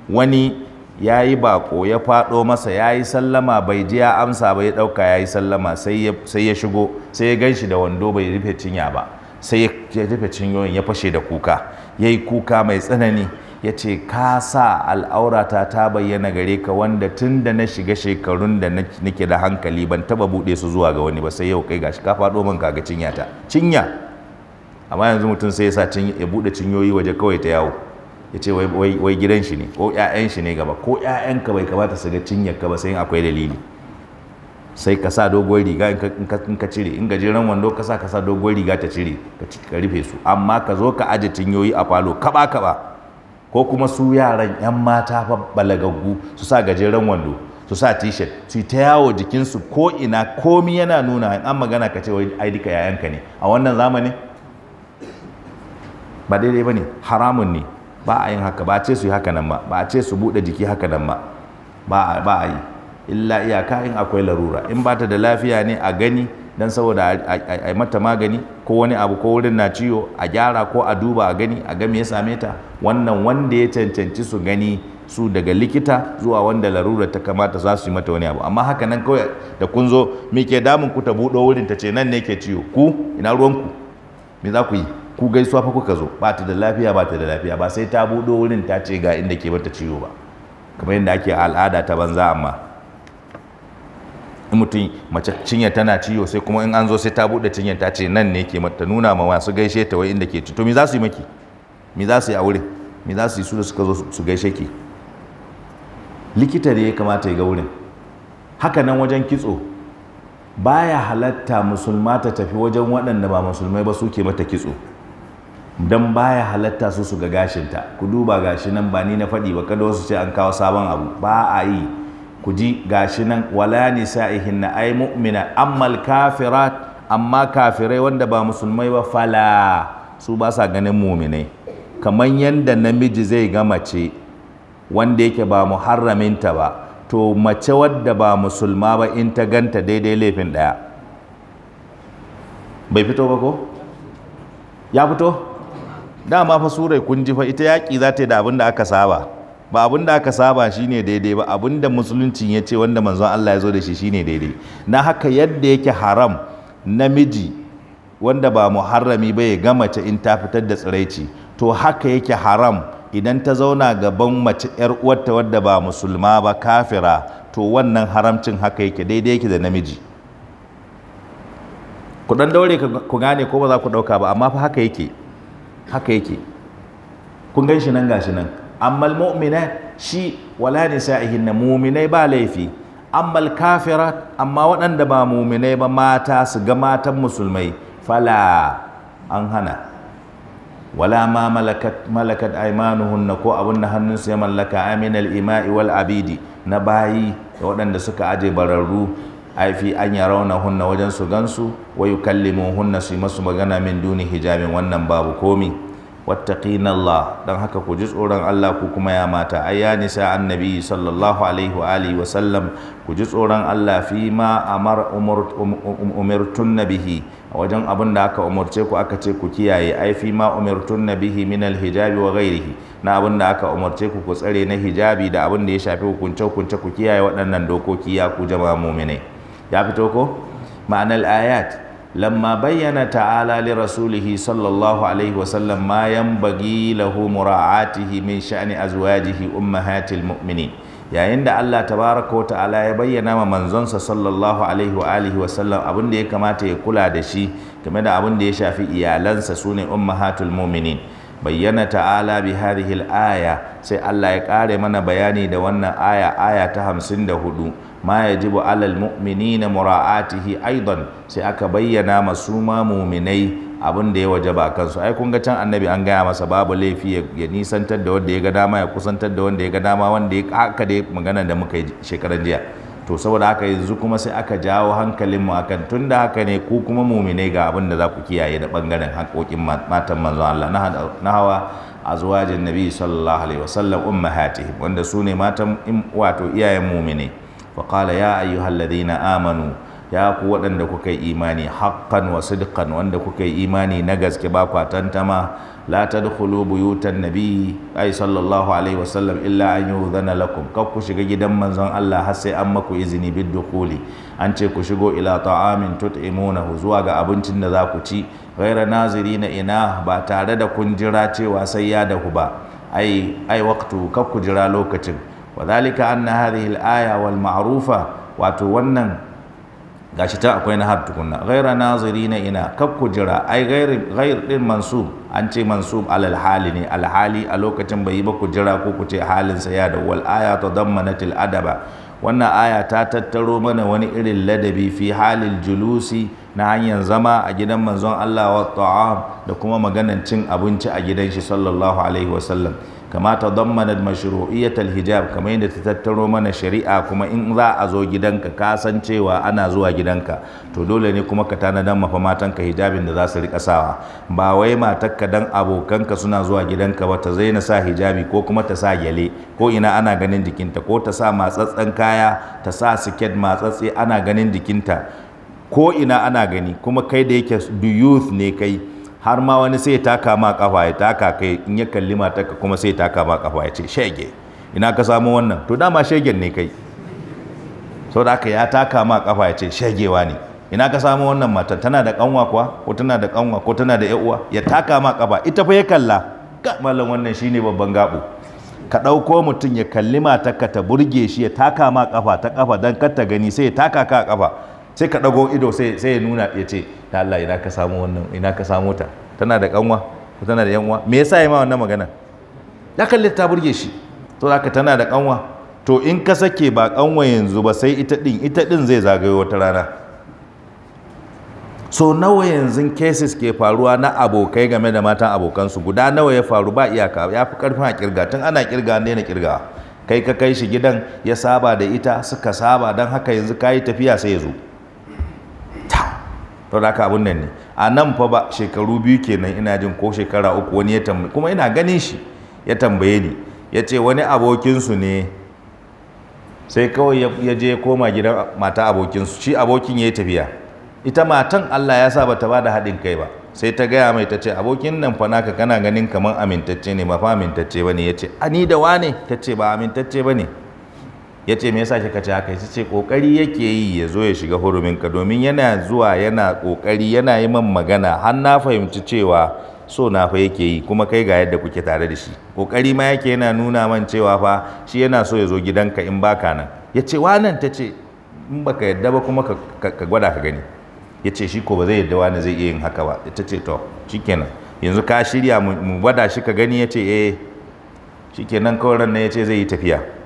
wani ya yi bako ya faɗo masa ya yi sallama bai ji ya amsa bai ya ɗauka ya yi sallama sai ya shigo sai ya gan shi da wando bai rufe cinya ba sai ya rufe cinyoyin ya fashe da kuka ya yi kuka mai tsanani ya ce ka sa al'aurata ta bayyana gare ka wanda tun da na shiga shekarun da nake da hankali ban taba buɗe su zuwa ga wani ba sai yau kai gashi ka faɗo min kaga cinya ta cinya amma yanzu mutum sai ya sa ya buɗe cinyoyi waje kawai ta yawo ya ce wai gidan shi ne ko 'ya'yan shi ne gaba ko yayan ka bai kamata su ga ka ba sai akwai dalili sai ka sa dogon riga in ka cire in gajeren wando ka sa ka sa dogon riga ta cire ka rufe su amma ka zo ka aje cinyoyi a falo kaba kaba ko kuma su yaran 'yan mata fa balagaggu su sa gajeren wando su sa t-shirt su ta yawo jikinsu ko ina komi yana nuna an magana ka ce wai ai duka ka ne a wannan zamanin ba daidai ba ne haramun ne ba a yin haka ba a ce su yi haka nan ba ba a ce su buɗe jiki haka nan ba ba a yi illa iyaka in akwai larura in ba ta da lafiya ne a gani don saboda a mata magani ko wani abu ko wurin na ciwo a gyara ko a duba a gani a gami ya same ta wannan wanda ya cancanci su gani su daga likita zuwa wanda larura ta kamata za su yi mata wani abu amma haka nan kawai da kun zo me ke damun ku ta buɗo wurin ta ce nan ne ke ciwo ku ina ruwanku me za ku yi ku gaisuwa fa kuka zo ba ta da lafiya ba ta da lafiya ba sai ta buɗo wurin ta ce ga inda ke bata ciwo ba kamar yadda ake al'ada ta banza amma in mutum mace cinya tana ciwo sai kuma in an zo sai ta buɗe cinya ta ce nan ne ke mata nuna ma masu gaishe ta wai inda ke ci to me za su yi maki me za su yi a wurin me za su yi su da suka zo su gaishe ki likita ne ya kamata ya ga wurin haka nan wajen kitso baya halatta musulma ta tafi wajen waɗanda ba musulmai ba suke mata kitso don baya halatta su su ga gashinta ku duba gashi nan ba ni na faɗi ba kada wasu ce an kawo sabon abu ba a yi ku ji gashi nan wala nisa'ihin na ai mu'mina ammal kafirat amma kafirai wanda ba musulmai ba fala su ba sa ganin muminai kamar yadda namiji zai ga mace wanda yake ba muharraminta ba to mace wadda ba musulma ba in ta ganta daidai laifin ɗaya bai fito ba ko ya fito dama fa surai kun ji fa ita yaƙi za ta yi da abin da aka saba ba abin da aka saba shine daidai ba abin da musuluncin ya ce wanda manzon Allah ya zo da shi shine daidai na haka yadda yake haram namiji wanda ba muharrami ba ya ga mace in ta fitar da tsiraici to haka yake haram idan ta zauna gaban mace yar uwarta wadda ba musulma ba kafira to wannan haramcin haka yake daidai yake da namiji ku dan daure ku gane ko ba za ku dauka ba amma fa haka yake haka yake kun gan shi nan gashi nan ammal mu'mina shi wala nisaihinna na mu'minai ba laifi ammal kafira amma waɗanda ba mu'minai ba mata su ga matan musulmai fala an hana wala ma malakat malakat aymanuhunna ko abin da hannunsu ya mallaka aminal ima'i wal abidi na bayi da waɗanda suka aje bararru ai fi an hunna wajen su gansu wa hunna su masu magana min duni hijabin wannan babu komi wattaqina Allah dan haka ku ji tsoron Allah ku kuma ya mata ayyani nisa annabi sallallahu alaihi wa alihi wa sallam ku ji tsoron Allah fi ma amar umurtun um, um, nabihi wajen abin da aka umarce ku aka ce ku kiyaye ai fi ma umurtun nabihi min alhijabi wa ghairihi na abin da aka umarce ku ku tsare na hijabi da abin da ya shafi hukunce hukunce ku kiyaye waɗannan dokoki ya ku jama'a mu'minai ya fito ko ma'anar ayat lamma bayyana ta'ala li rasulihi sallallahu alaihi wasallam ma yanbaghi lahu mura'atihi min sha'ani azwajihi ummahatil mu'minin yayin da Allah tabaraka ta'ala ya bayyana ma manzonsa sallallahu alaihi wa alihi wasallam abin da ya kamata ya kula da shi game da abin da ya shafi iyalansa sune ummahatul mu'minin bayyana ta'ala bi hadhihi al-aya sai Allah ya kare mana bayani da wannan aya aya ta 54 ma bu alal na mura'atihi aidan sai aka bayyana masu ma muminai abin da ya waje wajaba kansu ai kun ga can annabi an gaya masa babu laifi ya nisantar da wanda ya ga dama ya kusantar da wanda ya ga dama wanda ya haka dai magana da muka yi shekaran jiya to saboda haka yanzu kuma sai aka jawo hankalin mu akan tun da haka ne ku kuma muminai ga abin da za ku kiyaye da bangaren haƙoƙin matan manzo Allah na hawa azwajin nabi sallallahu alaihi wasallam ummahatihim wanda su ne matan wato iyayen muminai faƙala ya ayyuhal ladina amanu ya ku waɗanda kuka yi imani haqqan wa sidqan wanda kuka yi imani na gaske ba kwa tantama la tadkhulu buyutan nabi ai sallallahu alaihi wasallam illa an yuzana lakum kar ku shiga gidan manzon Allah har sai an maku izini bid dukhuli an ce ku shigo ila ta'amin tut'imunahu zuwa ga abincin da za ku ci gaira ghaira na ina ba tare da kun jira cewa sai ya dahu ba ai ai waqtu kar ku jira lokacin wa dhalika anna hadhihi walma'arufa, aya wato wannan gashi ta akwai na har tukunna ghaira na ina kab ku jira ai ghair din mansub an ce mansub alal hali ne alhali a lokacin bai yi ba ku jira ko ku ce halin sa ya da wal aya tadammanat til'ada adaba wannan aya ta tattaro mana wani irin ladabi fi halil julusi na hanyar zama a gidan manzon Allah wa ta'am da kuma maganan cin abinci a gidan shi sallallahu alaihi wasallam kama ta mana mashru'iyyatal hijab kamar yadda ta tattaro mana shari'a kuma in za a zo gidanka ka san cewa ana zuwa gidanka to dole ne kuma ka tanadan mafa matanka hijabin da za su rika sawa ba wai matarka dan abokanka suna zuwa gidanka ba ta zaina sa hijabi ko kuma ta sa gyale ko ina ana ganin jikinta ko ta sa matsatsen kaya ta sa siket matsatse ana ganin jikinta ko ina ana gani kuma kai da yake youth ne kai har ma wani sai taka ma kafa ya taka kai in ya kalli matarka kuma sai taka ma kafa ya ce shege ina ka samu wannan to dama shegen ne kai sau da aka ya taka ma kafa ya ce shegewa ne ina ka samu wannan matar tana da kanwa kuwa ko tana da kanwa ko tana da 'ya'uwa ya taka ma kafa ita fa ya kalla ka mallan wannan shine babban gabo ka ɗauko mutum ya kalli matarka ta burge shi ya taka ma kafa ta kafa dan kar ta gani sai ya taka ka kafa sai ka ɗago ido sai ya nuna ya ce da Allah ina ka samu wannan ina ka samu ta tana da kanwa ko tana da yanwa me yasa yayi ma wannan magana ya kallin ta burge shi to zaka tana da kanwa to in ka sake ba kanwa yanzu ba sai ita din ita din zai zagaye wata rana so nawa yanzu cases ke faruwa na abokai game da matan abokansu guda nawa ya faru ba iyaka ya fi karfin a kirga tun ana kirga ne na kirga kai ka kai shi gidan ya saba da ita suka saba don haka yanzu ka tafiya sai ya zo to da abun nan ne a nan fa ba shekaru biyu kenan ina jin ko shekara uku wani ya tambaye kuma ina ganin shi ya tambaye ni ya ce wani abokinsu ne sai kawai ya je koma gidan mata abokinsu shi abokin ya yi tafiya ita matan Allah ya sa ba ta ba da haɗin kai ba sai ta gaya mai ta ce abokin nan fa naka kana ganin kamar amintacce ne ba fa amintacce ba ne ya ce ani da wane ta ce ba amintacce ba ne ya ce me yasa kika ce haka ya ce kokari yake yi ya zo ya shiga huruminka domin yana zuwa yana kokari yana yi man magana har na fahimci cewa so na fa yake yi kuma kai ga yadda kuke tare da shi kokari ma yake yana nuna man cewa fa shi yana so ya zo gidanka in baka nan ya ce wanan ta ce in baka yadda ba kuma ka gwada ka gani ya ce shi ko ba zai yadda wani zai iya yin haka ba ta ce to shikenan yanzu ka shirya mu gwada shi ka gani ya ce eh shikenan kawai ran ya ce zai yi tafiya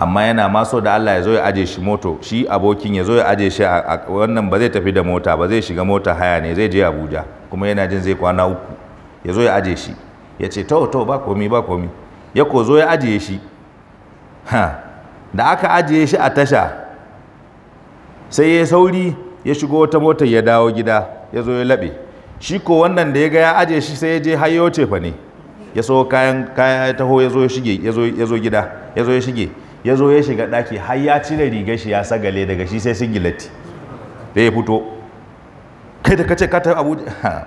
amma yana maso da Allah ya zo ya aje shi moto shi abokin ya zo ya aje shi a wannan ba zai tafi da mota ba zai shiga mota haya ne zai je Abuja kuma yana jin zai kwana uku ya zo ya aje shi ya ce to to ba komi ba komi ya ko zo ya ajiye shi ha da aka ajiye shi a tasha sai ya sauri ya shigo wata motar ya dawo gida ya zo ya laɓe shi ko wannan da ya ga ya ajiye shi sai ya je hayo ce fa ne ya so kayan kaya ya taho ya zo ya shige ya zo gida ya zo ya shige ya zo ya shiga ɗaki har ya cire rigar shi ya sagale daga shi sai singilati da ya fito kai da kace kata abuja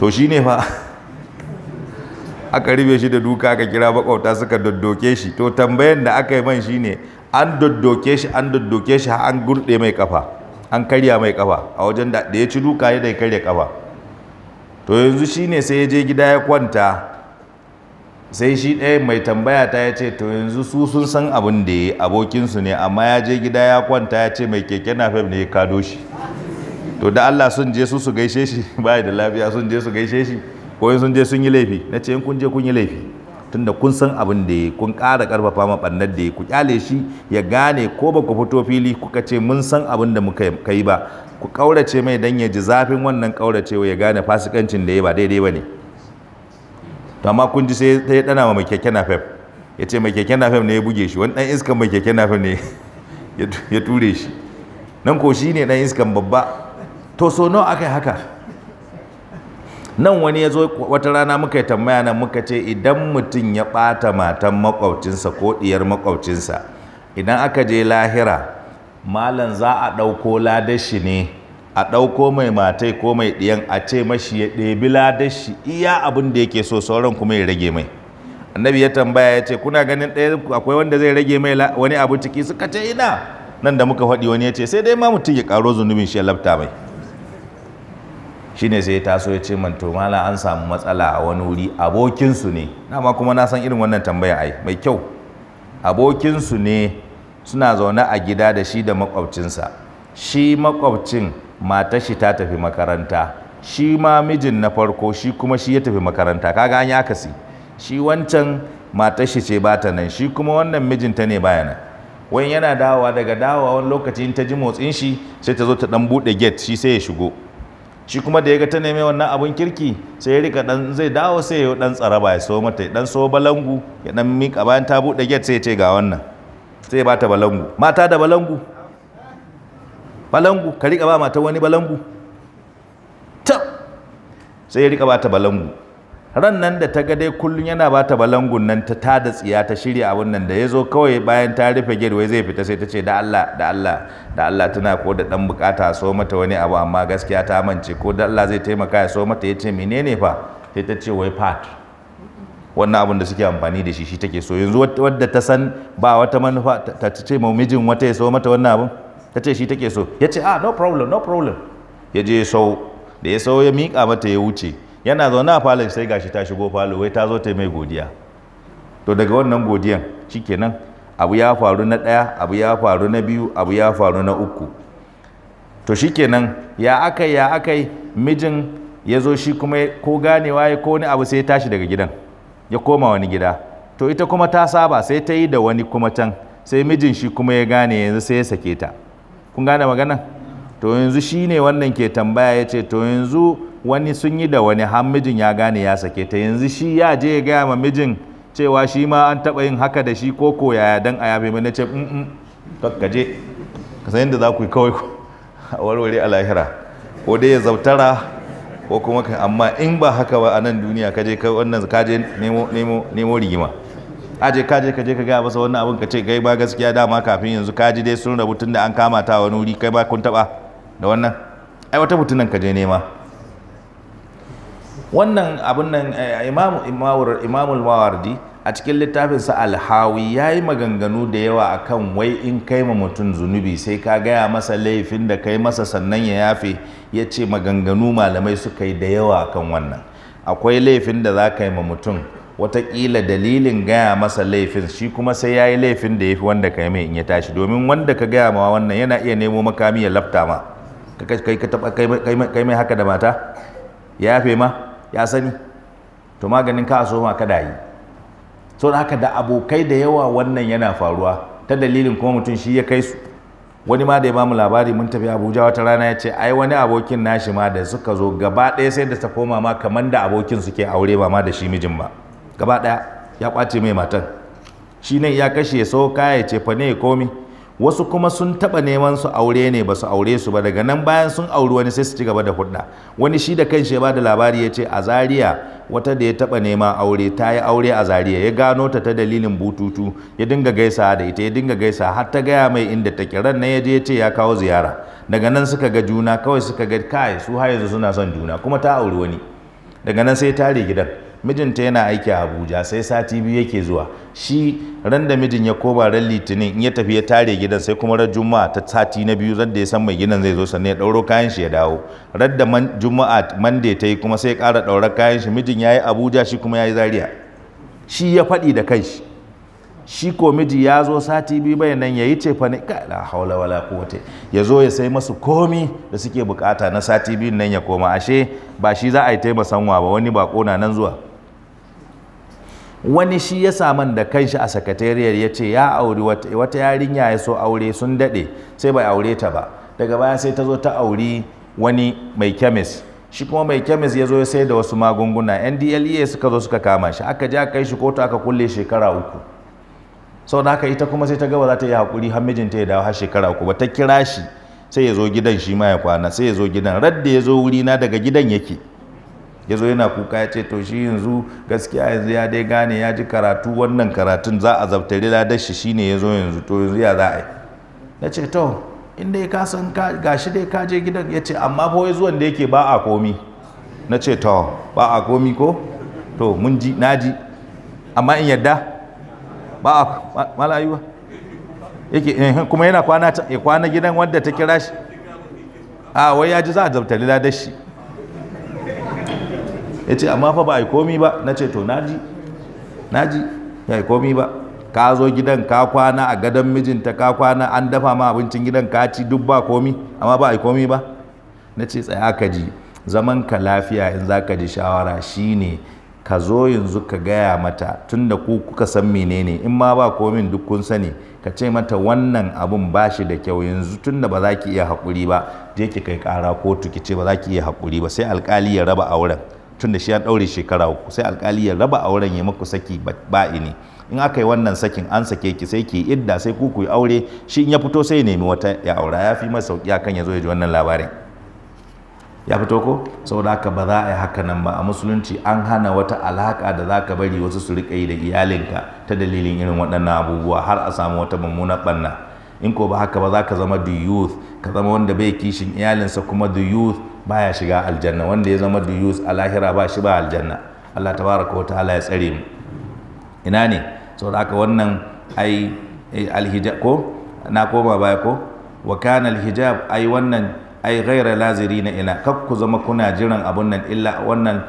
to shi ne fa aka ribe shi da duka aka kira bakwauta suka doddoke shi to tambayan da aka yi man shi ne an doddoke shi an doddoke shi an gurɗe mai kafa an karya mai kafa a wajen da ya ci duka ya da ya karya kafa to yanzu shi ne sai ya je gida ya kwanta sai shi ɗaya mai tambaya ta ya ce to yanzu su sun san abin da ya abokinsu ne amma ya je gida ya kwanta ya ce mai keke na fem ne ya kado shi to da Allah sun je su su gaishe shi baya da lafiya sun je su gaishe shi ko sun je sun yi laifi na ce in kun je kun yi laifi tunda kun san abin da ya kun ƙara ƙarfafa ma ɓannar da ya ku kyale shi ya gane ko ba ku fito fili kuka ce mun san abin da muka kai ba ku ƙaurace mai dan ya ji zafin wannan ƙauracewa ya gane fasikancin da ya ba daidai ba ne to amma kun ji sai ya dana ma mai keke nafef ya ce mai keke nafef ne ya buge shi wani dan iskan mai keke nafef ne ya ture shi nan ko shi ne dan iskan babba to so nawa aka yi haka nan wani ya zo wata rana muka yi tambaya nan muka ce idan mutum ya ɓata matan makwabcinsa ko ɗiyar makwabcinsa idan aka je lahira malam za a ɗauko ladashi ne a ɗauko mai matai ko mai ɗiyan a ce mashi ya ɗebi ladashi shi iya abin da yake so sauran kuma ya rage mai annabi ya tambaya ya ce kuna ganin ɗaya akwai wanda zai rage mai wani abu ciki suka ce ina nan da muka faɗi wani ya ce sai dai ma mutum ya karo zunubin shi ya labta mai shine sai ya taso ya ce manto mala an samu matsala a wani wuri abokinsu ne dama kuma na san irin wannan tambaya ai mai kyau abokinsu ne suna zaune a gida da shi da makwabcinsa shi makwabcin matar shi ta tafi makaranta shi ma mijin na farko shi kuma shi ya tafi makaranta kaga an yi shi wancan matar shi ce bata nan shi kuma wannan mijin ta ne baya nan wani yana dawowa daga dawowa wani lokaci in ta ji motsin shi sai ta zo ta dan bude gate shi sai ya shigo shi kuma da ya ga ta neme wannan abun kirki sai ya rika dan zai dawo sai ya dan tsaraba ya so mata ya dan so balangu ya dan mika bayan ta bude gate sai ya ce ga wannan sai ya bata balangu mata da balangu balangu ka riƙa ba mata wani balangu ta sai ya riƙa ba ta balangu ran nan da ta ga dai kullun yana ba ta balangun nan ta tada tsiya ta shirya abun nan da ya zo kawai bayan ta rufe gate wai zai fita sai ta ce da Allah da Allah da Allah tana ko da dan bukata so mata wani abu amma gaskiya ta mance ko da Allah zai taimaka ya so mata ya ce menene fa sai ta ce wai fat wannan abin da suke amfani da shi shi take so yanzu wadda ta san ba wata manufa ta ce ma mijin wata ya so mata wannan abin ta ce shi take so ya ce ah no problem no problem ya je sau da ya sau ya miƙa mata ya wuce yana zaune a falon sai gashi ta shigo falo wai ta zo ta mai godiya to daga wannan godiyan shikenan abu ya faru na ɗaya abu ya faru na biyu abu ya faru na uku to shikenan ya akai ya akai mijin ya zo shi kuma ko ganewa ya ko wani abu sai ya tashi daga gidan ya koma wani gida to ita kuma ta saba sai ta yi da wani kuma can sai mijin shi kuma ya gane yanzu sai ya sake ta kun gane magana to yanzu shine wannan ke tambaya ya ce to yanzu wani sun yi da wani har ya gane ya sake ta yanzu shi ya je ya gaya ma mijin cewa shi ma an taɓa yin haka da shi ko ko yaya dan a yafe na ce mm ka je ka san za ku yi kawai a warware a lahira ko dai ya zautara ko kuma amma in ba haka ba a nan duniya ka je wannan ka je nemo rigima aje ka je ka je ka gaya masa wannan abin ka ce kai ba gaskiya dama kafin yanzu ka ji dai sun rabu tunda an kama ta wani wuri kai ba kun taba da wannan ai wata mutunan ka je nema wannan abin nan eh, imamu imamul mawardi a cikin littafin sa alhawi yayi maganganu da yawa akan wai in kai ma mutum zunubi sai ka gaya masa laifin da kai masa sannan ya yafe ya ce maganganu malamai suka yi da yawa akan wannan akwai laifin da za ka yi ma mutum watakila dalilin gaya masa laifin shi kuma sai ya yi laifin da ya fi wanda ka yi mai in ya tashi domin wanda ka gaya ma wannan yana iya nemo makami ya lafta ma kai mai haka da mata ya yafe ma ya sani to maganin ka so ma ka yi so da haka da abokai da yawa wannan yana faruwa ta dalilin kuma mutum shi ya kai su wani ma da ya bamu labari mun tafi abuja wata rana ya ce ai wani abokin nashi ma da suka zo gaba ɗaya sai da ta koma ma kamar da abokin suke aure ba ma da shi mijin ba gaba ɗaya ya ƙwace mai matan shi ne ya kashe ya sau kaya ce fa ne komi wasu kuma sun taɓa neman su aure ne ba su aure su ba daga nan bayan sun auri wani sai su ci gaba da hudda wani shi da kanshi ya ba da labari ya ce a Zariya wata da ya taɓa neman aure ta yi aure a Zariya ya gano ta ta dalilin bututu ya dinga gaisa da ita ya dinga gaisa har ta gaya mai inda ta kiran na ya je ya ce ya kawo ziyara daga nan suka ga juna kawai suka ga kai su har yanzu suna son juna kuma ta auri wani daga nan sai ta tare gidan mijinta yana aiki a abuja sai sati biyu yake zuwa shi ran da mijin ya koma ran litinin in ya tafi ya tare gidan sai kuma ran juma'a ta sati na biyu ran da ya san mai gidan zai zo sannan ya ɗauro kayan shi ya dawo ran da juma'a mande ta yi kuma sai ya ƙara kayan shi mijin ya yi abuja shi kuma ya yi zaria shi ya faɗi da kai shi ko miji ya zo sati biyu bai nan ya yi cefa ne ka la haula wala quwwata ya zo ya sai masu komi da suke bukata na sati biyu nan ya koma ashe ba shi za a yi taimasanwa ba wani bako na nan zuwa wani shi ya saman da kai shi a sakatariyar ya ce ya auri wata yarinya ya so aure sun daɗe sai bai aure ta ba daga baya sai ta zo ta auri wani mai kemis shi kuma mai kemis ya zo ya sai da wasu magunguna ndlea suka zo suka kama shi aka ja kai shi kotu aka kulle shekara uku sau da haka ita kuma sai ta gaba za ta yi haƙuri har mijinta ya dawo har shekara uku ba ta kira shi sai ya zo gidan shi ma ya kwana sai ya zo gidan radda ya zo na daga gidan yake ya zo yana kuka ya ce to shi yanzu gaskiya yanzu ya dai gane ya ji karatu wannan karatun za a zabtare ladar shi ne ya zo yanzu to yanzu ya za a yi na ce to inda ya kasan ga shi dai ka je gidan ya ce amma fa zuwan da yake ba a komi na ce to ba a komi ko to mun ji na ji amma in yadda ba a malayuwa yake eh, kuma yana kwana gidan wadda ta kira shi a ah, wai ya ji za a zabtare ladar shi ya ce amma fa ba a yi komi ba na ce to naji naji ya yi komi ba ka zo gidan ka kwana a gadon mijinta ka kwana an dafa ma abincin gidan ka ci duk ba komi amma ba a yi komi ba na ce tsaya ka ji zaman ka lafiya in za ka ji shawara shine ka zo yanzu ka gaya mata tun da ku kuka san menene in ma ba komin duk kun sani ka ce mata wannan abun ba shi da kyau yanzu tun da ba za ki iya haƙuri ba je ki kai ƙara kotu ki ce ba za ki iya haƙuri ba sai alƙali ya raba auren tun da shi ya ɗaure shekara uku sai alkali ya raba auren ya muku saki ba ba'ini in aka yi wannan sakin an sake ki sai ki idda sai ku yi aure shi in ya fito sai ya nemi wata ya aura ya fi masa sauki akan ya zo ya ji wannan labarin ya fito ko saboda haka ba za a yi haka nan ba a musulunci an hana wata alaka da za ka bari wasu su riƙa yi da iyalinka ta dalilin irin waɗannan abubuwa har a samu wata mummunar ɓanna in ko ba haka ba za ka zama the youth ka zama wanda bai kishin iyalinsa kuma the youth baya shiga aljanna wanda ya zama duyus a lahira ba shi ba aljanna Allah tabaraka wa ta'ala ya tsare mu ina ne saboda haka wannan ai alhijab ko na koma baya ko wa kana alhijab ai wannan ai ghaira lazirina ila kak ku zama kuna jiran abun nan illa wannan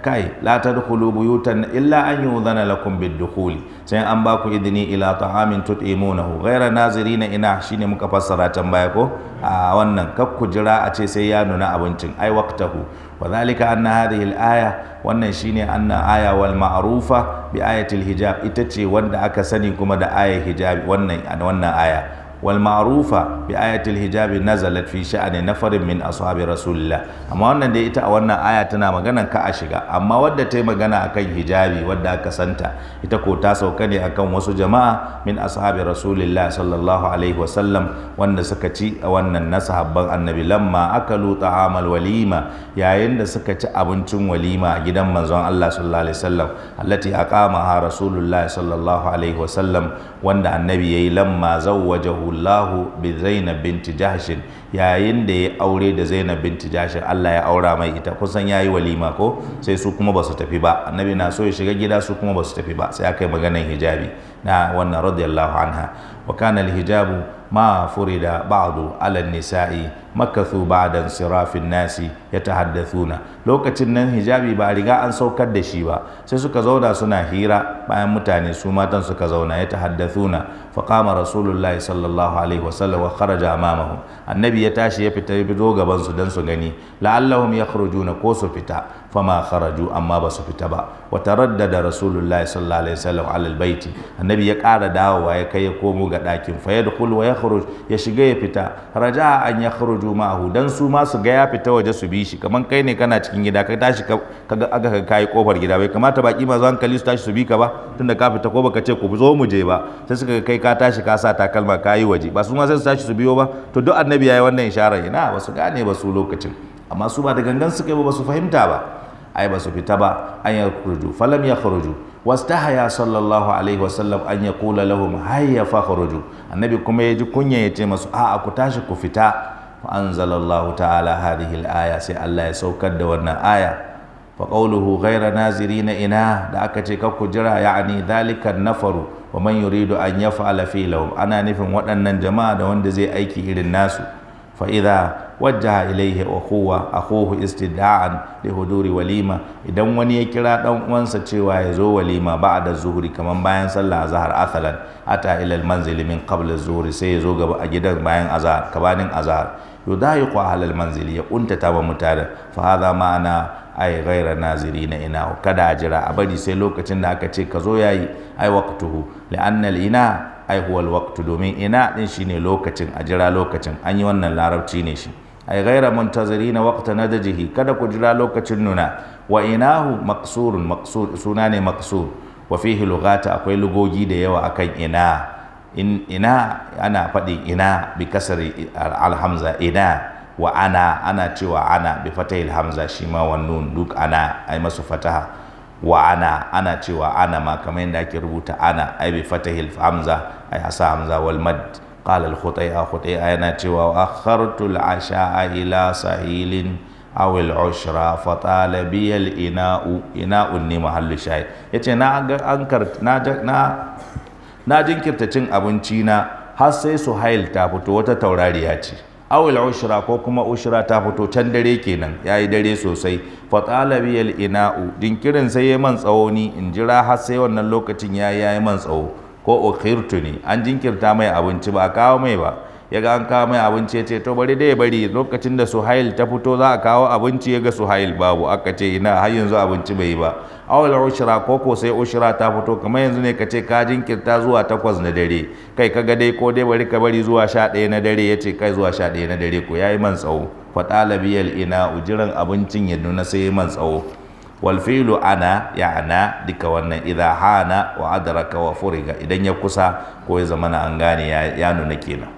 kai la tadkhulu buyutan illa an yudhana lakum bid-dukhuli sai an ba ku idini ila ta'amin tut'imunahu ghayra nazirina ina shine muka fassara tambaya baya ko a wannan kak ku jira a ce sai ya nuna abincin ai waqtahu wa dhalika anna hadhihi al-aya wannan shine anna aya wal ma'rufa bi ayatil hijab ita ce wanda aka sani kuma da ayar hijabi wannan wannan aya Walma'arufa ma'rufa bi ayatil hijabi na fi sha'ani nafarin min ashabi rasulillah amma wannan dai ita a wannan aya tana maganan ka a shiga amma wadda ta yi magana a kan hijabi wadda aka santa ita ko ta sauka ne akan wasu jama'a min ashabi rasulillah sallallahu alaihi wasallam wanda suka ci a wannan na sahabban annabi lamma akalu ta'amal walima yayin da suka ci abincin walima a gidan manzon Allah sallallahu alaihi wasallam allati aqama ha rasulullah sallallahu alaihi wasallam wanda annabi yayi lamma zawwajahu Allahu bi Zainab binti Jahsh yayin da ya aure da Zainab binti Jahsh Allah ya aura mai ita kusan yayi walima ko sai su kuma basu tafi ba annabi na so ya shiga gida su kuma basu tafi ba sai aka yi maganar hijabi na wannan radiyallahu anha wa kana al hijabu ما فرد بعض على النساء مكثوا بعد انصراف الناس na. lokacin nan hijabi ba riga an saukar da shi ba sai suka zauna suna hira bayan mutane su matan suka zauna ya tahaddathuna fa qama rasulullahi sallallahu alaihi wasallam wa kharaja amamahum annabi ya tashi ya fita ya fito su dan su gani la'allahum yakhrujuna ko su fita fama kharaju amma ba su fita ba wa taraddada rasulullahi sallallahu alaihi wasallam alal baiti annabi ya ƙara dawowa ya kai ya komo ga dakin. fa yadkhul wa yakhruj ya shiga ya fita raja an yakhruju ma'ahu dan su ma su ga ya fita waje su bi shi kaman kai ne kana cikin gida ka tashi kaga aga ka kai kofar gida bai kamata baki masu hankali su tashi su bi ka ba tunda ka fita ko baka ce ku zo mu je ba sai suka kai ka tashi ka sa takalma ka yi waje ba su ma sai su tashi su biyo ba to duk annabi yi wannan isharar ina ba su gane ba su lokacin amma su ba da gangan suka yi ba su fahimta ba ai ba su fita ba an ya kurju falam ya kharuju wastahaya sallallahu alaihi wasallam an ya kula lahum hayya fa kharuju annabi kuma ya ji kunya ya ce masu a'a ku tashi ku fita fa anzalallahu ta'ala hadhihi al-aya sai Allah ya saukar da wannan aya فقوله غير na ina da aka ce ka ku jira yani dhalika nafaru wa man yuridu an yaf'ala fi lahum ana nufin waɗannan jama'a da wanda zai aiki irin nasu fa idza wajaha ilaihi akhuwa akhuhu istida'an li huduri walima idan wani ya kira dan uwansa cewa ya zo walima da zuhri kamar bayan sallah azhar athalan ata ila almanzili min qabla zuhri sai ya zo gaba a gidan bayan azhar kabanin azhar yudayiqu ahlal manzili ya ƙunta ba mutane fa hadha ma'ana ai ghaira na ina kada a jira a bari sai lokacin da aka ce ka zo yayi ai waqtuhu li'anna ina ai huwa al domin ina din shine lokacin a jira lokacin an yi wannan larabci ne shi ay ghaira muntazirina waqta nadajihi kada ku jira lokacin nuna wa inahu maqsurun maqsur suna ne maqsur wa fihi lughata akwai lugogi da yawa akan ina in ina ana fadi ina bi kasari alhamza ina wa ana ana cewa ana bi fatahil hamza shi ma wannan duk ana ai masu fataha wa ana ana cewa ana ma kamar yadda ake rubuta ana ai bi fatahil hamza ai asa hamza wal mad qala al-khutay'a khutay'a yana cewa akhartu al-asha'a ila sahilin aw al-ushra fa tala bi al-ina'u ina'un yace na jinkirta cin abinci na har sai suhail ta fito wata taurariya ce awil ushra ko kuma ushra ta fito can dare kenan yayi dare sosai fa talabiyal ina'u dinkirin sai yayi man tsawo ni in jira har sai wannan lokacin ya yayi man tsawo ko ni an jinkirta mai abinci ba a kawo mai ba ya ga an kawo mai abinci ya ce to bari dai bari lokacin da suhail ta fito za a kawo abinci ya ga suhail babu aka ce ina har yanzu abinci bai yi ba awal ushra ko ko sai ushra ta fito kamar yanzu ne ka ce ka jinkirta zuwa takwas na dare kai ka ga dai ko dai bari ka bari zuwa sha ɗaya na dare ya ce kai zuwa sha ɗaya na dare ko ya yi man tsawo fa ina ujiran abincin ya nuna sai man tsawo wal fi'lu ana ya'na dika wannan idha hana wa adraka wa furiga idan ya kusa ko ya zamana an gane ya nuna kenan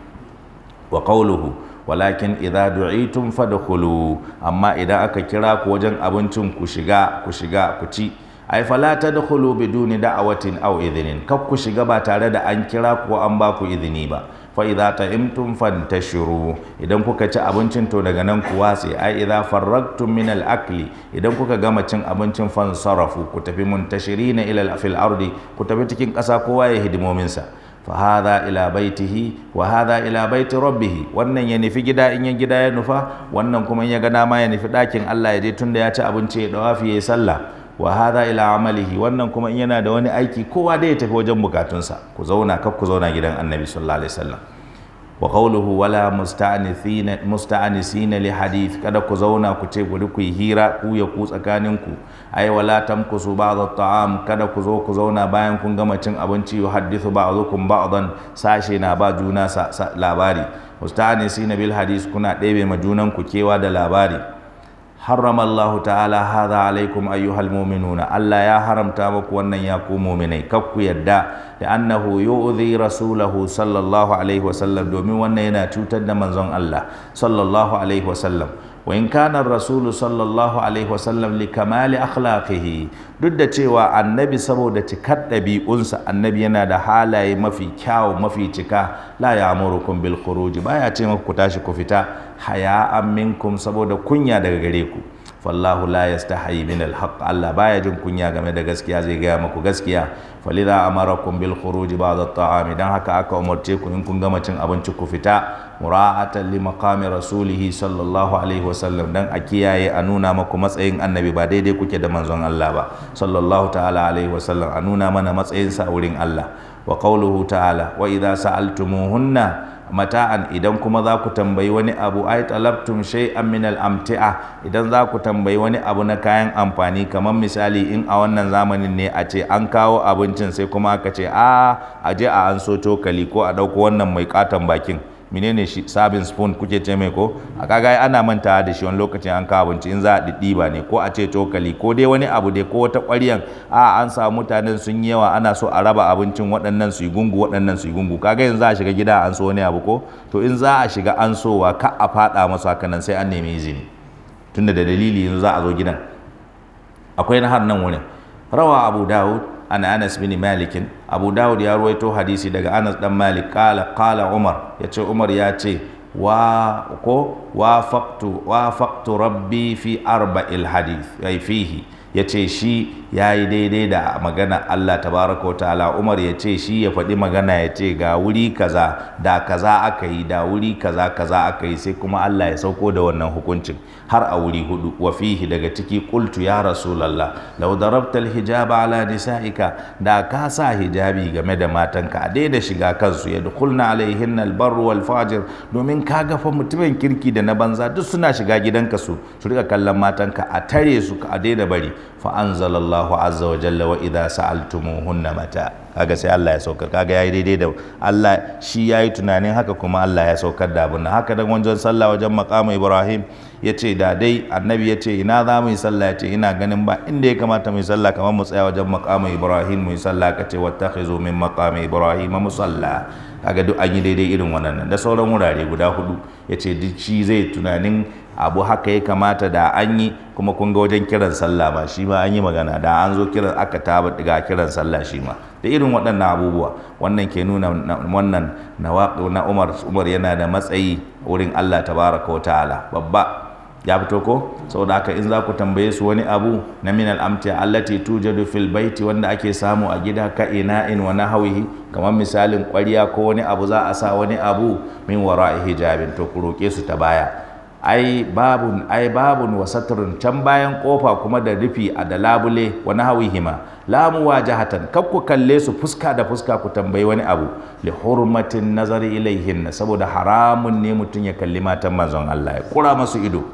wa qawluhu walakin idza du'itum fadkhulu amma idan aka kira ku wajen abincin ku shiga ku shiga ku ci ai fala tadkhulu biduni da'awatin aw idhnin kab ku shiga ba tare da an kira ku an ba ku izini ba fa idza ta'imtum shiru idan kuka ci abincin to daga nan kuwa watse ai idza farragtum min al-akli idan kuka gama cin abincin sarrafu ku tafi muntashirina ila fil ardi ku tafi cikin ƙasa kowa ya hidimominsa fa hadha ila baitihi wa hadha ila baiti wannan ya nufi gida in ya gida ya nufa wannan kuma in ya ga dama ya nufi ɗakin Allah ya je tunda ya ci abinci ya dawafi ya yi sallah wa hada ila amalihi wannan kuma in yana da wani aiki kowa dai ya tafi wajen bukatunsa ku zauna kaf ku zauna gidan annabi sallallahu alaihi wasallam wa qawluhu wala musta'anithina na li hadith kada ku zauna ku ce guri ku yi hira ku ya ku tsakanin ku ai wala tamkusu ba'd at'am taam kada ku zo ku zauna bayan kun gama cin abinci hadithu ba'dukum ba'dan sashe na ba juna sa labari na bil hadith kuna ɗebe ma junan ku kewa da labari harrama ta'ala hadha alaikum ayyuhal mu'minuna Allah ya haramta muku wannan ya ku mu'minai kar ku yadda da annahu yu'zi rasulahu sallallahu alaihi wasallam domin wannan yana cutar da manzon Allah sallallahu alaihi wasallam wa in kana rasulu sallallahu alaihi wasallam li kamali akhlaqihi duk da cewa annabi saboda cikar ɗabi'unsa annabi yana da halaye mafi kyawu mafi cika la ya'murukum bil khuruj baya ce maku ku tashi ku fita haya'an minkum saboda kunya daga gare ku fallahu la yastahi min al haqq Allah baya jin kunya game da gaskiya zai gaya maku gaskiya falidha amarakum bil khuruj ba'da at-ta'ami dan haka aka umarce ku in kun gama cin abinci ku fita mura'atan li maqami rasulihi sallallahu alaihi wasallam dan a kiyaye a nuna maku matsayin annabi ba daidai kuke da manzon Allah ba sallallahu ta'ala alaihi wasallam a nuna mana matsayin sa a wurin Allah wa qawluhu ta'ala wa idza sa'altumuhunna mata'an idan kuma za ku tambayi wani abu ai talabtum shay'an min al-amti'a idan za ku tambayi wani abu na kayan amfani kamar misali in a wannan zamanin ne a ce an kawo abincin sai kuma aka ce ah, a aje a an so cokali ko a dauko wannan mai katon bakin menene shi sabin spoon kuke ce mai ko a kaga ana manta da shi wani lokacin an kawo abinci in za a ba ne ko a ce cokali ko dai wani abu dai ko wata ƙwaryan a an samu mutanen sun yi yawa ana so a raba abincin waɗannan su yi gungu waɗannan su yi gungu kaga yanzu za a shiga gida an so wani abu ko to in za a shiga an so wa ka a faɗa masa haka sai an nemi izini tunda da dalili yanzu za a zo gidan akwai na har nan wurin rawa abu dawud an Anas bin Malik Abu Dawud ya ruwaito hadisi daga Anas dan Malik kala kala Umar yace Umar ya ce wa ko wa wafaqtu rabbi fi arba'il hadith ai fihi yace shi ya yi daidai da magana Allah tabaraka wa ta'ala Umar ya ce shi ya faɗi magana ya ce ga wuri kaza da kaza aka yi da wuri kaza kaza aka yi sai kuma Allah ya sauko da wannan hukuncin har a wuri hudu wa fihi daga ciki qultu ya rasu law darabta alhijaba ala nisaika da ka sa hijabi game da matanka a daina shiga kansu yadkhulna alaihin albarru wal fajir domin ka gafa mutumin kirki da na banza duk suna shiga gidanka su su rika kallon matanka a tare su a daina bari fa anzalallahu Allahu azza wa jalla wa idza sa'altumuhunna mata kaga sai Allah ya saukar kaga yayi daidai da Allah shi yayi tunanin haka kuma Allah ya saukar da abin haka dan wajen sallah wajen maqamu Ibrahim yace da dai annabi yace ina za mu yi sallah yace ina ganin ba inda ya kamata mu yi sallah kamar mu tsaya wajen maqamu Ibrahim mu yi sallah kace wattakhizu min maqami Ibrahim musalla kaga duk an yi daidai irin wannan da sauran wurare guda hudu yace duk shi zai tunanin abu haka ya kamata da an yi kuma kun ga wajen kiran sallah ma shi ma an yi magana da an zo kiran aka taba ga kiran sallah shi ma da irin waɗannan abubuwa wannan ke nuna wannan na na Umar Umar yana da matsayi wurin Allah ta tabaraka ko ta'ala babba ya fito ko saboda haka in za ku tambaye su wani abu na min al'amti allati tujadu fil baiti wanda ake samu a gida ka ina in wa nahawihi kamar misalin ƙwarya ko wani abu za a sa wani abu min wara'i hijabin to ku roƙe su ta baya ai babun ai babun wa satrun can bayan kofa kuma da rufi a da labule wa nahawihima lamu muwajahatan kab ku kalle su fuska da fuska ku tambayi wani abu li hurmatin nazari ilaihin saboda haramun ne mutum ya kalli matan manzon Allah ya kura masu ido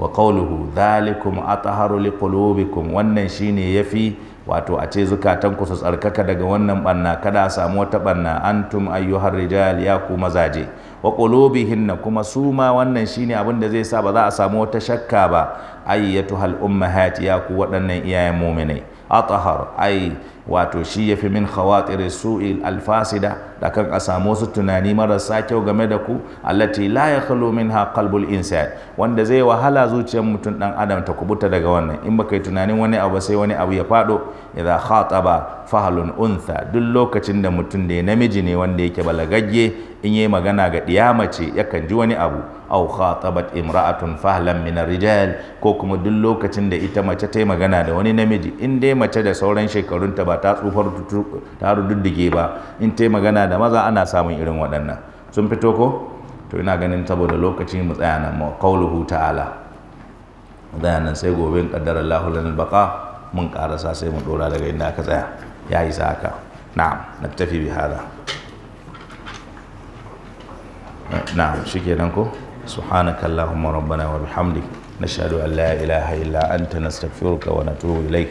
wa qawluhu dhalikum ataharu liqulubikum wannan shine yafi wato a ce zukatan ku su tsarkaka daga wannan banna kada a samu wata banna antum ayyuhar rijal ya ku mazaje wa qulubihinna kuma su ma wannan shine abin da zai sa ba za a samu wata shakka ba ayyatu hal'umma ummahat ya ku waɗannan iyayen mu'minai atahar ai wato shi ya fi min khawatir su'il alfasida da kan a samu wasu tunani marasa kyau game da ku allati la min ha qalbul insan wanda zai wahala zuciyar mutum dan adam ta kubuta daga wannan in baka yi tunanin wani abu sai wani abu ya fado idza khataba fahlun untha duk lokacin da mutum da ya namiji ne wanda yake balagagge in yayi magana ga diya mace yakan ji wani abu aw khatabat imra'atun fahlan min rijal ko kuma duk lokacin da ita mace ta yi magana da wani namiji in dai mace da sauran shekarunta ba ba ta tsufar ta rududdige ba in ta magana da maza ana samun irin waɗannan sun fito ko to ina ganin saboda lokaci mu tsaya nan ma qauluhu ta'ala tsaya nan sai gobe in qaddara Allahu lana baqa mun karasa sai mu dora daga inda aka tsaya ya sa haka na'am naktafi bi hada na'am shikenan ko سبحانك اللهم ربنا وبحمدك نشهد أن لا إله إلا أنت نستغفرك ونتوب إليك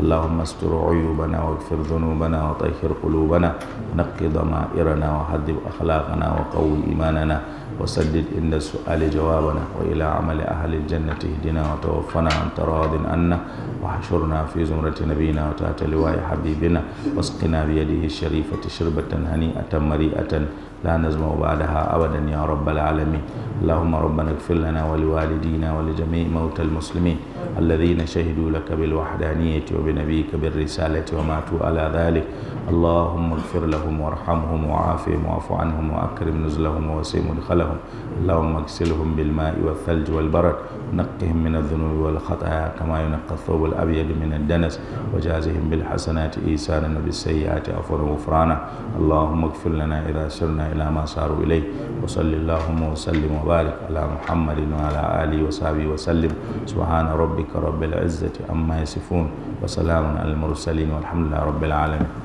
اللهم استر عيوبنا واغفر ذنوبنا وطهر قلوبنا ونقي ضمائرنا وحذب أخلاقنا وقوي إيماننا وسدد ان السؤال جوابنا وإلى عمل أهل الجنة اهدنا وتوفنا عن تراض عنا وحشرنا في زمرة نبينا وتحت لواء حبيبنا واسقنا بيده الشريفة شربة هنيئة مريئة لا نزمع بعدها أبدا يا رب العالمين اللهم ربنا اغفر لنا ولوالدينا ولجميع موتى المسلمين الذين شهدوا لك بالوحدانية وبنبيك بالرسالة وماتوا على ذلك اللهم اغفر لهم وارحمهم وعافهم واعف عنهم وأكرم نزلهم ووسيم مدخلهم اللهم اغسلهم بالماء والثلج والبرد نقهم من الذنوب والخطايا كما ينقى الثوب الأبيض من الدنس وجازهم بالحسنات إيسانا وبالسيئات عفوا وغفرانا اللهم اغفر لنا إذا سرنا إلى ما صاروا إليه وصل اللهم وسلم وبارك على محمد وعلى آله وصحبه وسلم سبحان ربك رب العزة عما يصفون وسلام على المرسلين والحمد لله رب العالمين